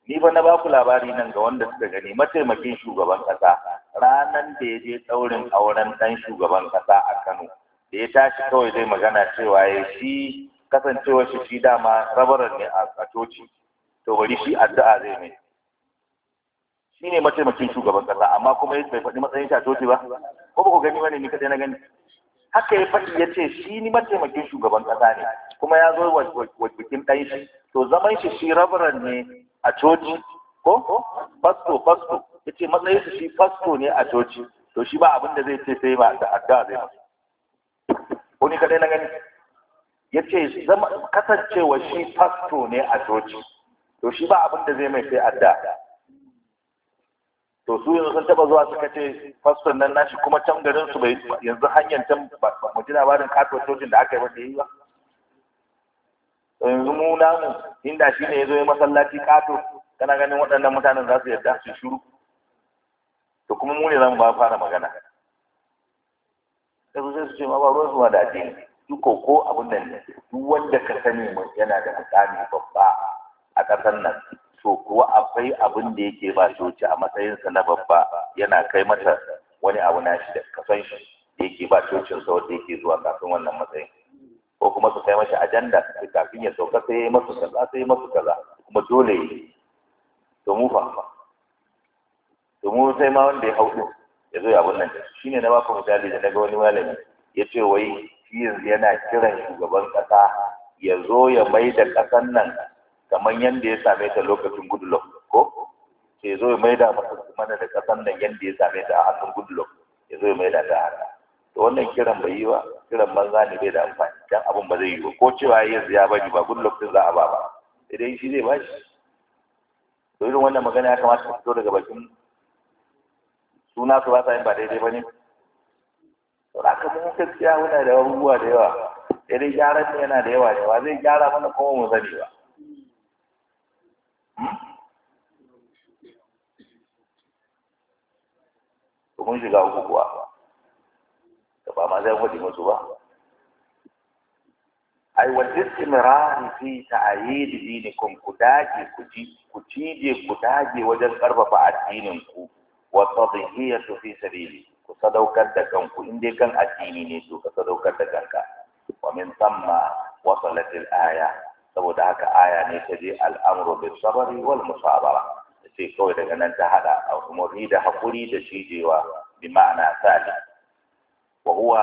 ni fa na ba ku labari nan ga wanda suka gani mataimakin shugaban kasa ranan da ya je tsaurin auren dan shugaban kasa a Kano da ya tashi kawai zai magana cewa ya shi kasancewar shi shi dama rabarar ne a coci to bari shi addu'a zai mai shi ne mataimakin shugaban kasa amma kuma bai faɗi matsayin shi a coci ba ko ba ku gani wani ni kadai na gani haka ya faɗi ya ce shi ni mataimakin shugaban ƙasa ne kuma ya zo wakilin ɗan shi to zaman shi shi rabaran ne a coci ko fasto fasto ya ce matsayin shi shi fasto ne a coci to shi ba abin da zai ce sai ba da adda zai ba ko ni kadai na gani ya ce kasancewa shi fasto ne a coci to shi ba abin da zai mai sai adda to su yanzu sun taba zuwa suka ce faston nan nashi kuma can garin su bai yanzu hanyar can ba mu ji labarin kafin sojin da aka yi masa yi ba yanzu mu namu inda shi ne ya zo ya masallaci kato kana ganin waɗannan mutanen za su yarda su shiru to kuma mu ne zan ba fara magana sai sai su ce ma ba ruwan su ma da addini duk ko abin nan ne duk wanda ka sani yana da mukami babba a ƙasar nan to kuwa akwai abin da yake ba coci a matsayinsa na babba yana kai mata wani abu na shi da kasan shi da yake ba cocin sa wanda yake zuwa kafin wannan matsayin ko kuma su kai masa ajanda kafin ya sauka sai ya masu kaza sai ya masu kaza kuma dole yi to mu fa to mu sai ma wanda ya hau din ya zo ya shi shine na baka misali da naga wani malami ya ce wai shi yanzu yana kiran shugaban kasa ya zo ya mai da kasan nan kamar yadda ya same ta lokacin goodluck ko ke zo ya maida masa mana da kasan nan yadda ya same ta a hannun goodluck ya zo ya maida ta haka to wannan kiran bai yi ba kiran banza ne bai da amfani dan abin ba zai yi ba ko cewa yanzu ya bari ba gudulok din za a ba ba sai dai shi zai bashi to irin wannan magana ya kamata ta fito daga bakin suna su ba sa yin ba daidai ba ne to haka mun gaskiya muna da abubuwa da yawa sai dai gyaran ne yana da yawa ne ba zai gyara mana kuma mu sani ba kun shiga uku kuwa da ba ma zai faɗi musu ba ai wa istimrari fi ta'yid dinikum ku dage ku ji ku cije ku dage wajen karfafa addinin ku wa tadhiyatu fi sabili ku sadaukar da kanku in dai kan addini ne to ka sadaukar da kanka wa min thamma wasalat al-aya saboda haka aya ne ta je al'amru bis sabri wal musabara sai kawai daga nan ta hada umarni da hakuri da shijewa bi ma'ana sali wa huwa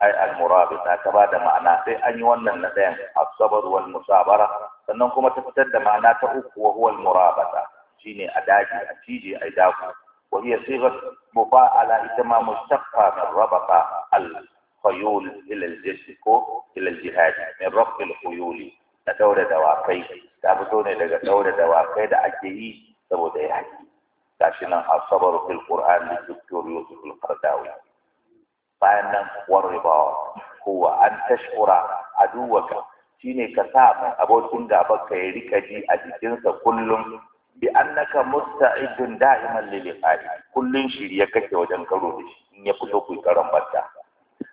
ay al murabita ta ba da ma'ana sai an yi wannan na ɗayan al sabr wal musabara sannan kuma ta fitar da ma'ana ta uku wa huwa al murabata shine a daji a cije ai daku wa hiya sigar mufa'ala ita ma mustaqqa min rabata al khuyul ila al jisd ila al jihad min rabb al khuyuli na ɗaure dawakai ta fito ne daga ɗaure dawakai da ake yi saboda yaƙi gashi nan Asabar sabar fil qur'an na yusuf al-qardawi bayan nan warriba kowa an tashkura aduwaka shine ka sa mai abokin gaban ka ya rika ji a jikinsa kullum bi annaka musta'idun da'iman lil liqa'i kullun shirye kake wajen karo da shi in ya fito ku karon barka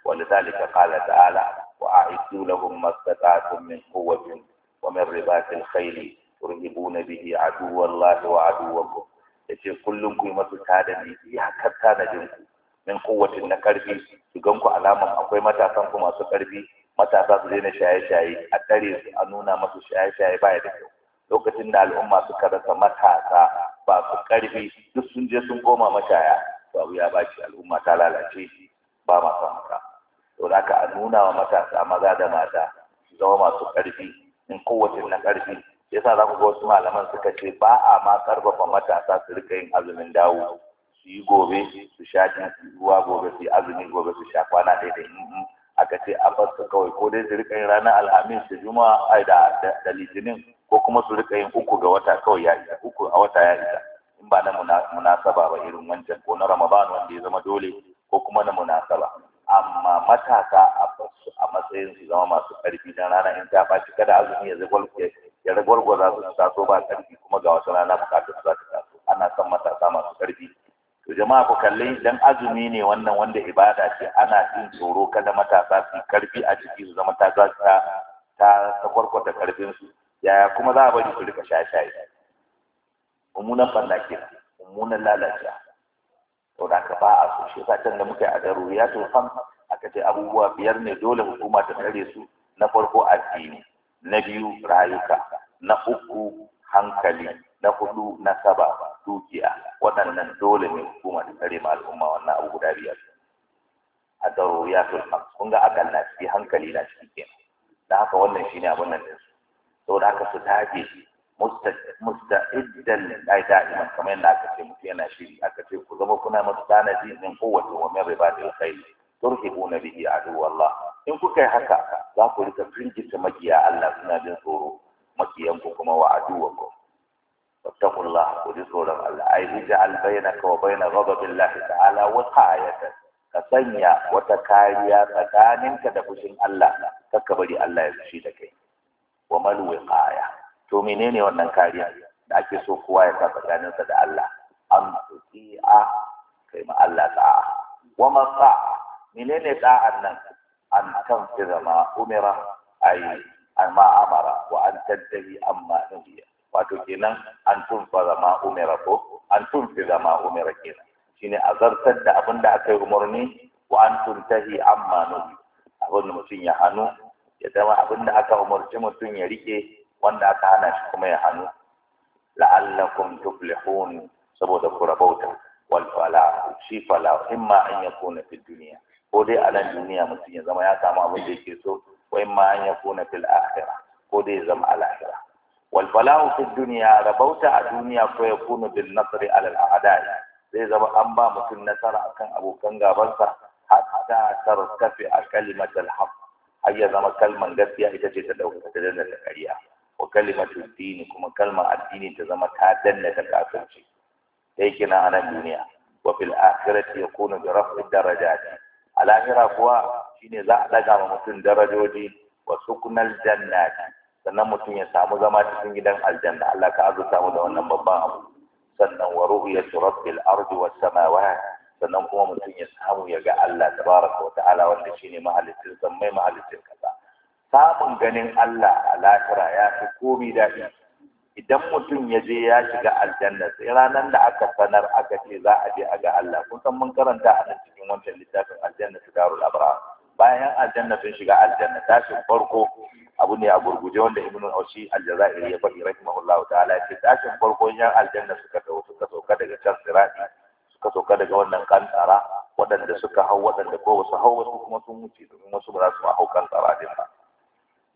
wanda zalika qala ta'ala وأعدوا لهم ما استطعتم من قوة ومن رباط الخيل ترهبون به عدو الله وعدوكم yace kullum ku yi masu tada ne ya katta da jinku min kowacin na karfi su gan ku alaman akwai matasan ku masu karfi matasa su daina shaye-shaye a tare su a nuna masu shaye-shaye baya da kyau lokacin da al'umma suka rasa matasa ba su karfi duk sun je sun koma mashaya babu ya baci al'umma ta lalace ba ma samu to da ka a nuna wa matasa maza da mata su zama masu ƙarfi in kowace na ƙarfi ya sa za ku ga wasu malaman suka ce ba a ma ƙarfafa matasa su rika yin azumin dawo su yi gobe su sha ruwa gobe su yi azumi gobe su sha kwana ɗaya da aka ce a su kawai ko dai su rika yin ranar alhamis da juma'a da da litinin ko kuma su rika yin uku ga wata kawai ya isa uku a wata ya isa in ba na munasaba ba irin wancan ko na ramadan wanda ya zama dole ko kuma na munasaba amma matasa a basu a matsayin su zama masu karfi dan rana in ta baci kada azumi ya zagwal ya ragwargwaza su taso ba karfi kuma ga wata rana ba za ta taso ana son matasa masu karfi to jama'a ku kalli dan azumi ne wannan wanda ibada ce ana jin tsoro kada matasa su karfi a ciki su zama ta ta ta kwarkwata karfin su yaya kuma za a bari su rika shaye-shaye mummunan fannake, kenan mummunan lalacewa to da ka ba a su shi can da muka yi a daruriyatul kham aka ce abubuwa biyar ne dole hukuma ta tare su na farko addini na biyu rayuka na uku hankali na hudu saba dukiya waɗannan dole ne hukuma ta tare ma al'umma wannan abu guda biyar a ya kham kun ga akal na ciki hankali na ciki kenan da haka wannan shine abin nan din su da haka su dage musta'iddan ai da'iman kamar yadda aka ce mutu yana shiri aka ce ku zama kuna masu tanadi min kowace wa min ribatil khayr na bihi adu Allah in kuka yi haka za ku rika firgita makiya Allah suna jin tsoro makiyan ku kuma wa adu wattaqullah ku ji tsoron Allah ai ij'al bainaka wa baina ghadabillahi ta'ala wiqayatan ka sanya wata kariya tsakaninka da fushin Allah kakka bari Allah ya fushi da kai wa mal wiqaya to menene wannan kariya da ake so kowa ya sa tsakaninsa da Allah an tuti'a kai ma Allah ta wa ma ta'a menene da nan an tanfiza ma umira ay an ma amara wa an taddahi amma nabiya wato kenan an tunfaza ma umira ko an tun tunfiza ma umira kenan shine azartar zartar da abin da aka yi umarni wa an tun tahi amma nabiya abin da mutum ya hannu ya zama abin da aka umarci mutum ya rike wanda aka hana shi kuma ya hannu la'allakum tuflihun saboda kurabauta wal fala shi fala imma an yakuna fi dunya ko dai a nan duniya mutum ya zama ya samu abin da yake so ko imma an yakuna fil akhirah ko dai ya zama a lahira wal fala fi dunya rabauta a duniya ko ya kunu bil nasri ala al a'da'i zai zama an ba mutum nasara akan abokan gaban sa hatta tarkafi a kalimatul haqq har zama kalman gaskiya ita ce ta dauka ta danna ta kariya wa dini kuma kalmar addini ta zama ta danna ta kasance, da yake anan duniya wa fil akhirati yakunu bi raf'i darajati al kuwa shine za a daga ma mutum darajoji wa suknal jannati sannan mutum ya samu zama cikin gidan aljanna Allah ka azurta mu da wannan babban abu sannan wa ru'yatu rabbil ardi was samawati sannan kuma mutum ya samu ya ga Allah tabaraka wa ta'ala wanda shine mahalicin sammai mahalicin kasa samun ganin Allah a lahira ya fi komi daɗi idan mutum ya je ya shiga aljanna sai ranar da aka sanar aka ce za a je a ga Allah kun san mun karanta a nan cikin wancan littafin aljanna su darul abrar bayan aljanna sun shiga aljanna tashin farko abu ne a gurguje wanda ibnu aushi aljazairi ya faɗi rahimahullah ta'ala ce tashin farko yan aljanna suka tawo suka sauka daga can sirati suka sauka daga wannan kantara waɗanda suka hau waɗanda ko wasu hau wasu kuma sun wuce domin wasu ba za su hau kantara din ba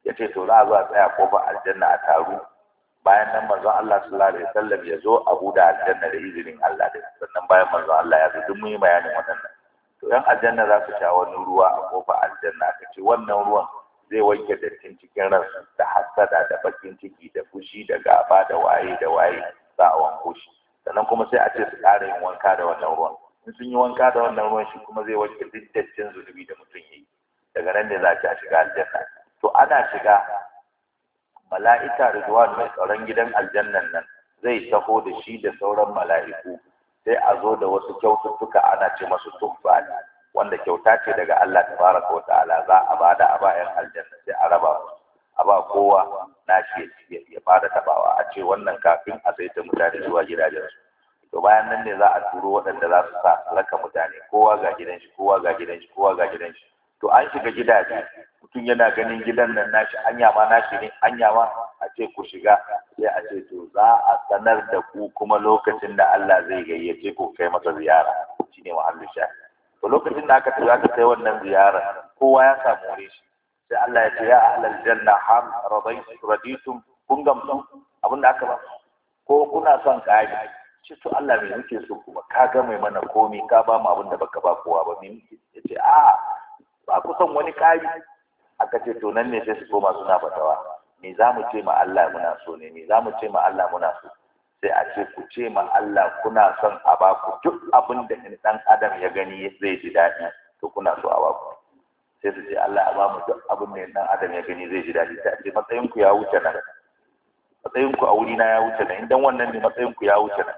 ya ce to za a zo a tsaya kofar aljanna a taru bayan nan manzon Allah sallallahu alaihi wasallam ya zo a buɗe aljanna da izinin Allah da sannan bayan manzon Allah ya zo duk mun yi bayanin wannan to dan aljanna za su sha wani ruwa a kofar aljanna aka ce wannan ruwan zai wanke dattin cikin ransu da hassada da bakin ciki da fushi da gaba da waye da waye za a wanko shi sannan kuma sai a ce su ƙara yin wanka da wannan ruwan in sun yi wanka da wannan ruwan shi kuma zai wanke duk dattin zunubi da mutum ya yi daga nan ne za a ci a shiga aljanna to ana shiga mala'ika ridwan mai tsaron gidan aljannan nan zai taho da shi da sauran mala'iku sai a zo da wasu kyaututtuka ana ce masu tuhfa wanda kyauta ce daga Allah tabaraka wa ta'ala za a bada a bayan aljanna sai a raba a ba kowa na shi ya fara tabawa a ce wannan kafin a sai ta mutane zuwa gidajen su. to bayan nan ne za a turo waɗanda za su sa raka mutane kowa ga gidan shi kowa ga gidan shi kowa ga gidan shi to an shiga gidaje mutum yana ganin gidan nan nashi anya ma nashi ne anya ma a ce ku shiga sai a ce to za a sanar da ku kuma lokacin da Allah zai gayyace ku kai masa ziyara shine muhallin shafi to lokacin da aka tura ka kai wannan ziyara kowa ya samu wuri shi sai Allah ya ce ya ahlal janna ham raditum kun gamsu abin da aka ba ko kuna son kaji ce to Allah me muke so kuma ka ga mai mana komi ka ba mu abin da baka ba kowa ba me muke ce a ba ku son wani ƙari aka ce to nan ne sai su koma suna fatawa me za mu ce ma Allah muna so ne me za mu ce ma Allah muna so sai a ce ku ce ma Allah kuna son a ba ku duk abin da in ɗan adam ya gani zai ji daɗi to kuna so a ba ku sai su ce Allah a ba mu duk abin da in ɗan adam ya gani zai ji daɗi sai a ce matsayin ku ya wuce nan matsayin ku a wuri na ya wuce nan idan wannan ne matsayin ku ya wuce nan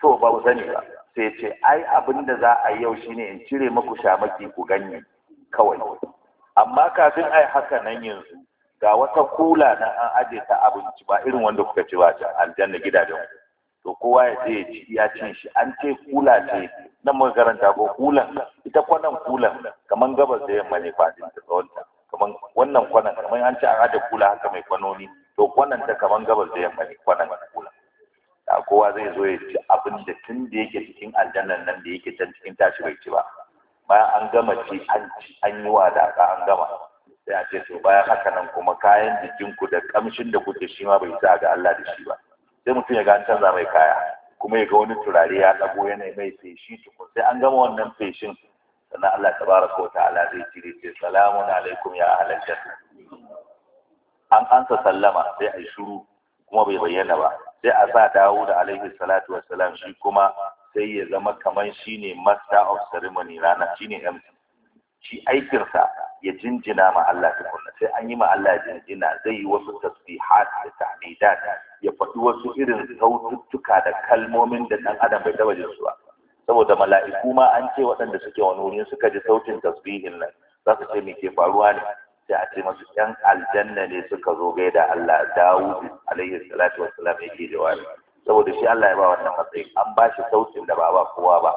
to ba ku sani ba sai ce ai abin da za a yau shine in cire maku shamaki ku ganye kawai amma kafin ai haka nan yanzu ga wata kula na an aje ta abinci ba irin wanda kuka ci ba gida aljanna gidajen to kowa ya je ya ci shi an ce kula ce nan mun karanta ko kulan ita kwanan kulan kamar gabas da yamma ne fadin ta tsawonta kamar wannan kwanan kamar an ce an aje kula haka mai kwanoni to kwanan ta kamar gabas da yamma ne kwanan kula da kowa zai zo ya ci abin da tun da yake cikin aljannan nan da yake can cikin tashi bai ci ba bayan an gama ci an ci an yi ka an gama sai a ce to bayan haka nan kuma kayan jikinku da kamshin da kuke shi ma bai sa ga Allah da shi ba sai mutum ya ga an canza mai kaya kuma ya ga wani turare ya dago yanayi mai feshi tukun sai an gama wannan feshin sannan Allah tabaraka wa ta'ala zai cire ce salamun alaikum ya ahlal jannah an ansa sallama sai ai shiru kuma bai bayyana ba sai a sa da alaihi salatu wassalam shi kuma sai ya zama kamar shine master of ceremony rana shine MC shi aikinsa ya jinjina ma Allah tukunna sai an yi ma Allah jinjina zai yi wasu tasbihat da tahmidat ya faɗi wasu irin saututtuka da kalmomin da ɗan adam bai taɓa su ba saboda mala'iku ma an ce waɗanda suke wani wuri, suka ji sautin tasbihin nan za su ce me ke faruwa ne sai a ce masu yan aljanna ne suka zo gai da Allah Dawud alaihi salatu wassalam yake jawabi saboda shi Allah ya ba wannan matsayi an ba shi sautin da ba kowa ba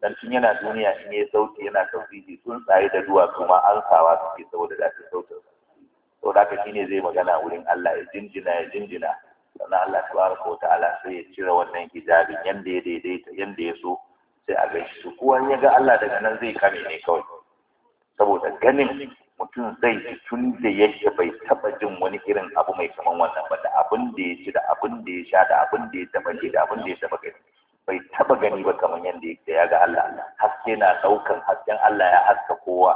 dan tun yana duniya in yayi sauti yana tauhidi sun tsaye da duwatsu ma an sawa suke saboda da ta sautin da, ka shine zai magana wurin Allah ya jinjina ya jinjina sannan Allah tabaraka wa ta'ala sai ya cire wannan hijabin yanda ya daidaita yanda ya so sai a gaishe su in ya ga Allah daga nan zai kame ne kawai saboda ganin mutum zai ji tun da yake bai taba jin wani irin abu mai kaman wannan ba da abin da ya ci da abin da ya sha da abin da ya taba ji da abin da ya taba gani bai taba gani ba kaman yadda da ya ga Allah haske na daukan hasken Allah ya haska kowa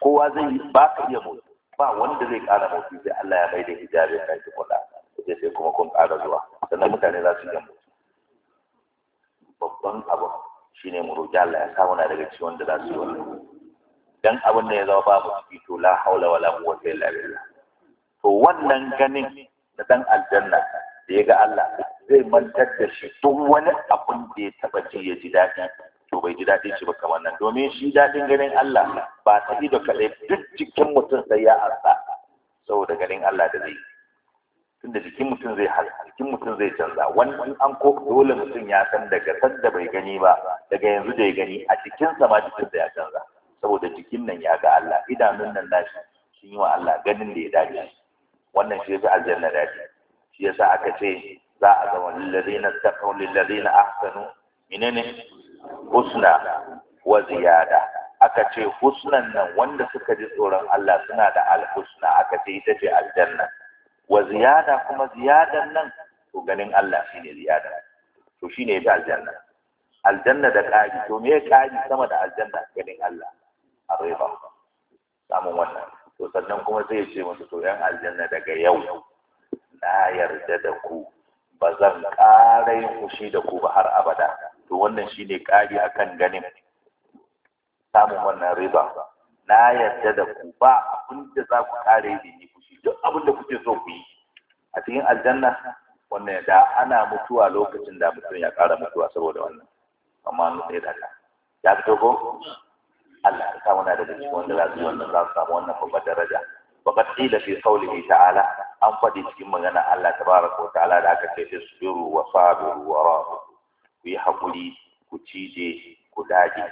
kowa zai ba ka iya motsi ba wanda zai kara motsi sai Allah ya maida da hijabin nan ki kuɗa sai sai kuma kun kara zuwa sannan mutane za su iya motsi babban abu shine mu roƙi Allah ya sa na daga cikin wanda za su yi wannan dan abin da ya zama babu ciki to la haula wala quwwata illa billah to wannan ganin da dan aljanna da ya ga Allah zai mantar da shi duk wani abin da ya taba ji ya ji daɗi to bai ji daɗin shi ba kamar nan domin shi daɗin ganin Allah ba ta ido kaɗai duk jikin mutum sai ya arsa. saboda ganin Allah da zai yi tunda jikin mutum zai hal jikin mutum zai canza wani an ko dole mutum ya san daga sanda bai gani ba daga yanzu da ya gani a jikinsa ma jikinsa ya canza saboda jikin nan ya ga Allah idanun nan nashi sun yi wa Allah ganin da ya dace wannan shi yasa aljanna dace shi yasa aka ce za a zama lillazina taqaw lillazina ahsanu menene husna wa ziyada aka ce husnan nan wanda suka ji tsoron Allah suna da alhusna aka ce ita ce aljanna wa ziyada kuma ziyadan nan to ganin Allah shine ziyada to shine ita aljanna aljanna da ƙari to me ƙari sama da aljanna ganin Allah ba, samun wannan to sannan kuma zai ce musu to yan aljanna daga yau na yarda da ku ba zan ƙara yin fushi da ku ba har abada to wannan shine ƙari akan ganin samun wannan riba na yarda da ku ba abin da za ku ƙara yi ne fushi duk abin da kuke so ku yi a cikin aljanna wannan da ana mutuwa lokacin da mutum ya ƙara mutuwa saboda wannan amma mutum ya daga ya fito ko Allah ya samu na daga cikin wanda za su wannan za su samu wannan babbar daraja wa qad qila fi qawlihi ta'ala an faɗi cikin magana Allah tabaraka wa ta'ala da aka ce isbiru wa sabiru wa ku yi hakuri ku cije ku dage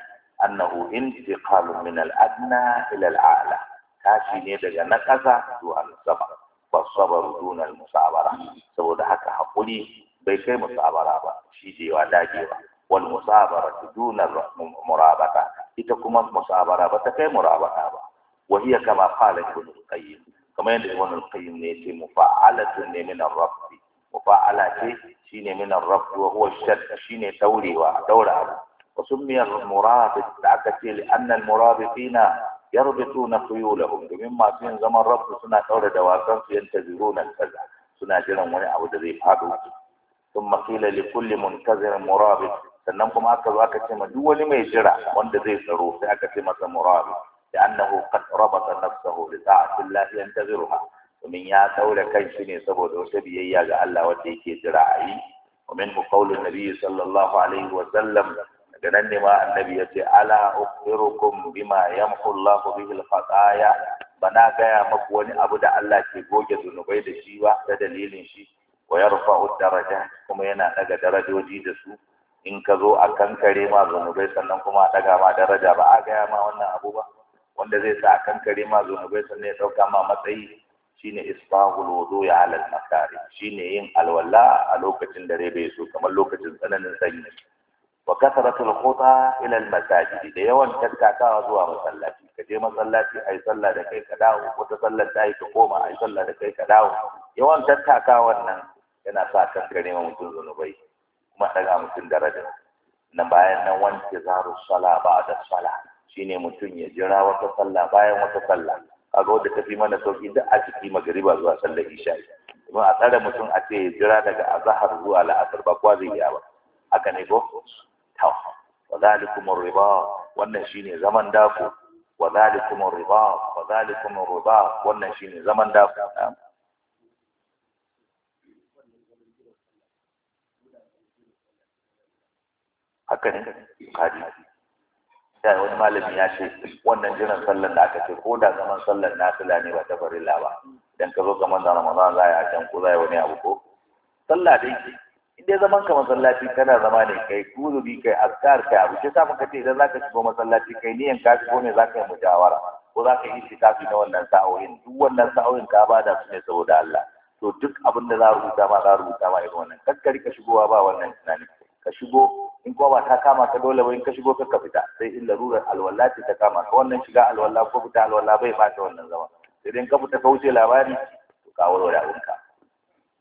annahu intiqalun min al-adna ila al-a'la tashi ne daga na ƙasa zuwa sama fasabaru dunal musabara saboda haka hakuri bai kai musabara ba shi jewa dagewa والمصابرة دون المرابطة إتكم المصابرة بتك مرابطة وهي كما قال ابن القيم كما يقول ابن القيم نيتي مفاعلة من الرب مفاعلة شيني من الرب وهو الشد شيني توري ودورة وسمي المرابط تعتكي لأن المرابطين يربطون خيولهم ومما في زمن رب سنة أولى دواسر ينتظرون الفزع سنة جنة ونعود ذي ثم قيل لكل منتظر مرابط sannan kuma aka zo aka ma duk wani mai jira wanda zai tsaro sai aka ce masa murabi da annahu qad rabata nafsahu li ta'atillahi yantaziruha domin ya daure kanshi ne saboda wata biyayya ga Allah wanda yake jira a yi ومنه قول النبي صلى الله عليه وسلم daga nan ne ma annabi ya ce ala ukhbirukum bima yamhu Allahu bihi al-khataya bana gaya maku wani abu da Allah ke goge zunubai da shi ba dalilin shi wa yarfa'u darajat kuma yana daga darajoji da su in ka zo a kankare ma zunubai sannan kuma a ɗaga ma daraja ba a gaya ma wannan abu ba wanda zai sa a kankare ma zunubai sannan ya ɗauka ma matsayi shine isbahul wudu ya alal makari shine yin alwala a lokacin dare bai so kamar lokacin tsananin sanyi wa kasratul khuta ila al da yawan tattakawa zuwa masallaci ka je masallaci ai sallah da kai ka dawo ko sallar ta yi ka koma ai sallah da kai ka dawo yawan tattakawa nan yana sa kankare ma mutum zunubai kuma daga mutum daraja na bayan nan wanke zaru sala ba da sala shine mutum ya jira wata sallah bayan wata sallah kaga wanda ta fi mana sauki da a ciki magariba zuwa sallar isha kuma a tsare mutum a ce ya jira daga azhar zuwa la'asar ba kwa zai yawa ba haka ne ko ta wa zalikum riba wannan shine zaman dako wa zalikum riba wa zalikum riba wannan shine zaman dako akan ne ya wani malami ya ce wannan jiran sallar da aka ce ko da zaman sallar nafila ne ba ta bari ba idan ka zo kamar da ramadan za ya can ko za ya wani abu ko sallah dai in dai zaman ka masallaci kana zama ne kai kuzubi kai azkar kai abu ke sa muka ce idan zaka shigo masallaci kai niyan ka shigo ne zaka yi mujawara ko zaka yi itikafi na wannan sa'o'in duk wannan sa'o'in ka bada su ne saboda Allah to duk abin da za a rubuta ma za a rubuta ma irin wannan kakkari ka shigowa ba wannan tunanin ka shigo in kuma ba ta kama ka dole ba in ka shigo ka ka fita sai in larurar alwala ce ta kama ka wannan shiga alwala ko fita alwala bai ta wannan zama sai dai ka fita ka wuce labari to ka warware abinka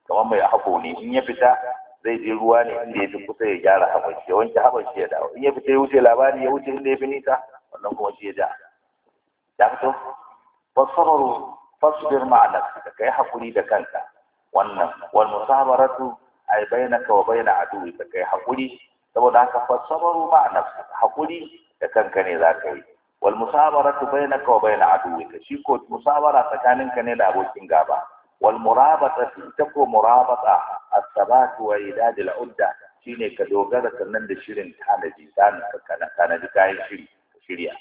kamar mai hako ne in ya fita zai je ruwa ne inda ya fi kusa ya gyara haɓar shi ya wanke haɓar shi ya dawo in ya fita ya wuce labari ya wuce inda ya fi nisa wannan kuma shi ya ja ya fito fasabaru fasfir ma'ana ka kai hakuri da kanka wannan wal musabaratu ay bainaka wa baina aduwi ka kai hakuri. saboda haka fasabaru ma nafsi hakuri da kanka ne za ka yi wal musabaratu bainaka wa bain aduwika shi ko musabara ka ne da abokin gaba wal murabata ita ko murabata as-sabat wa idad al-udda shine ka dogara sannan da shirin tanaji tanaji tanaji kayan shiri shirya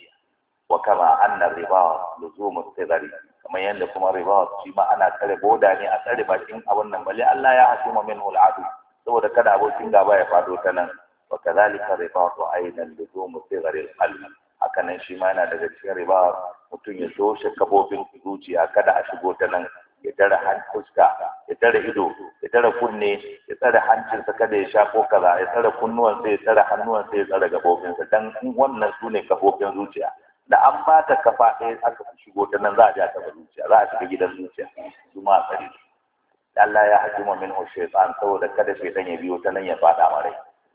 wa kama anna riba luzumu tibari kamar yadda kuma riba shi ma ana tsare boda ne a tsare bakin abin nan bale Allah ya hasuma minhu al-adu saboda kada abokin gaba ya fado ta nan وكذلك رباط أيضا لزوم صغر a hakanan shi ma yana daga cikin riba mutum ya toshe kabobin zuciya kada a shigo ta nan ya tare fuska ya tare ido ya tare kunne ya tare hancinsa kada ya shafo kaza ya tare kunnuwansa ya tare hannuwansa ya tare gabobinsa dan wannan su ne kafofin zuciya da an ba ta kafa ɗaya aka shigo ta nan za a ja a taɓa zuciya za a shiga gidan zuciya su ma a Allah ya hajjuma min shaitan saboda kada shaitan ya biyo ta nan ya faɗa marai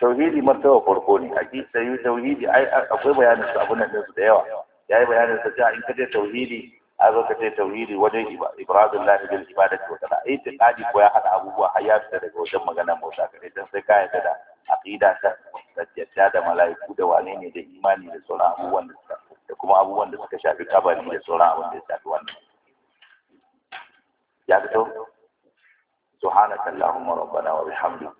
tauhidi martaba farko ne hakika tauhidi akwai bayanin su abin nan da yawa ya yi bayanin sa ja in ka je tauhidi a zo ka je tauhidi wajen ibadallahi bil ibadati wa ta kadi ko ya hada abubuwa har ya fita daga wajen maganar Musa kare dan sai ka yarda da aqida ta da da mala'iku da wane ne da imani da sauran abubuwan da suka da kuma abubuwan da suka shafi kabari da sauran abubuwan da ya shafi wannan ya fito subhanakallahumma rabbana wa bihamdika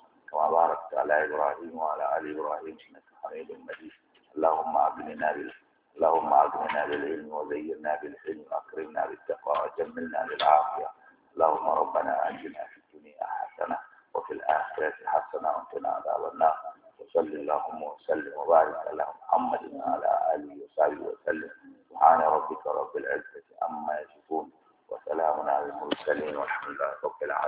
كما باركت على إبراهيم وعلى آل إبراهيم إنك حميد مجيد اللهم أغننا اللهم أغننا بالعلم وزينا بالحلم وأكرمنا بالتقوى وجملنا بالعافية اللهم ربنا أنجنا في الدنيا حسنة وفي الآخرة حسنة وأنتنا عذاب النار وصل اللهم وسلم وبارك على محمد وعلى آله وصحبه وسلم سبحان ربك رب العزة عما يصفون وسلام على المرسلين والحمد لله رب العالمين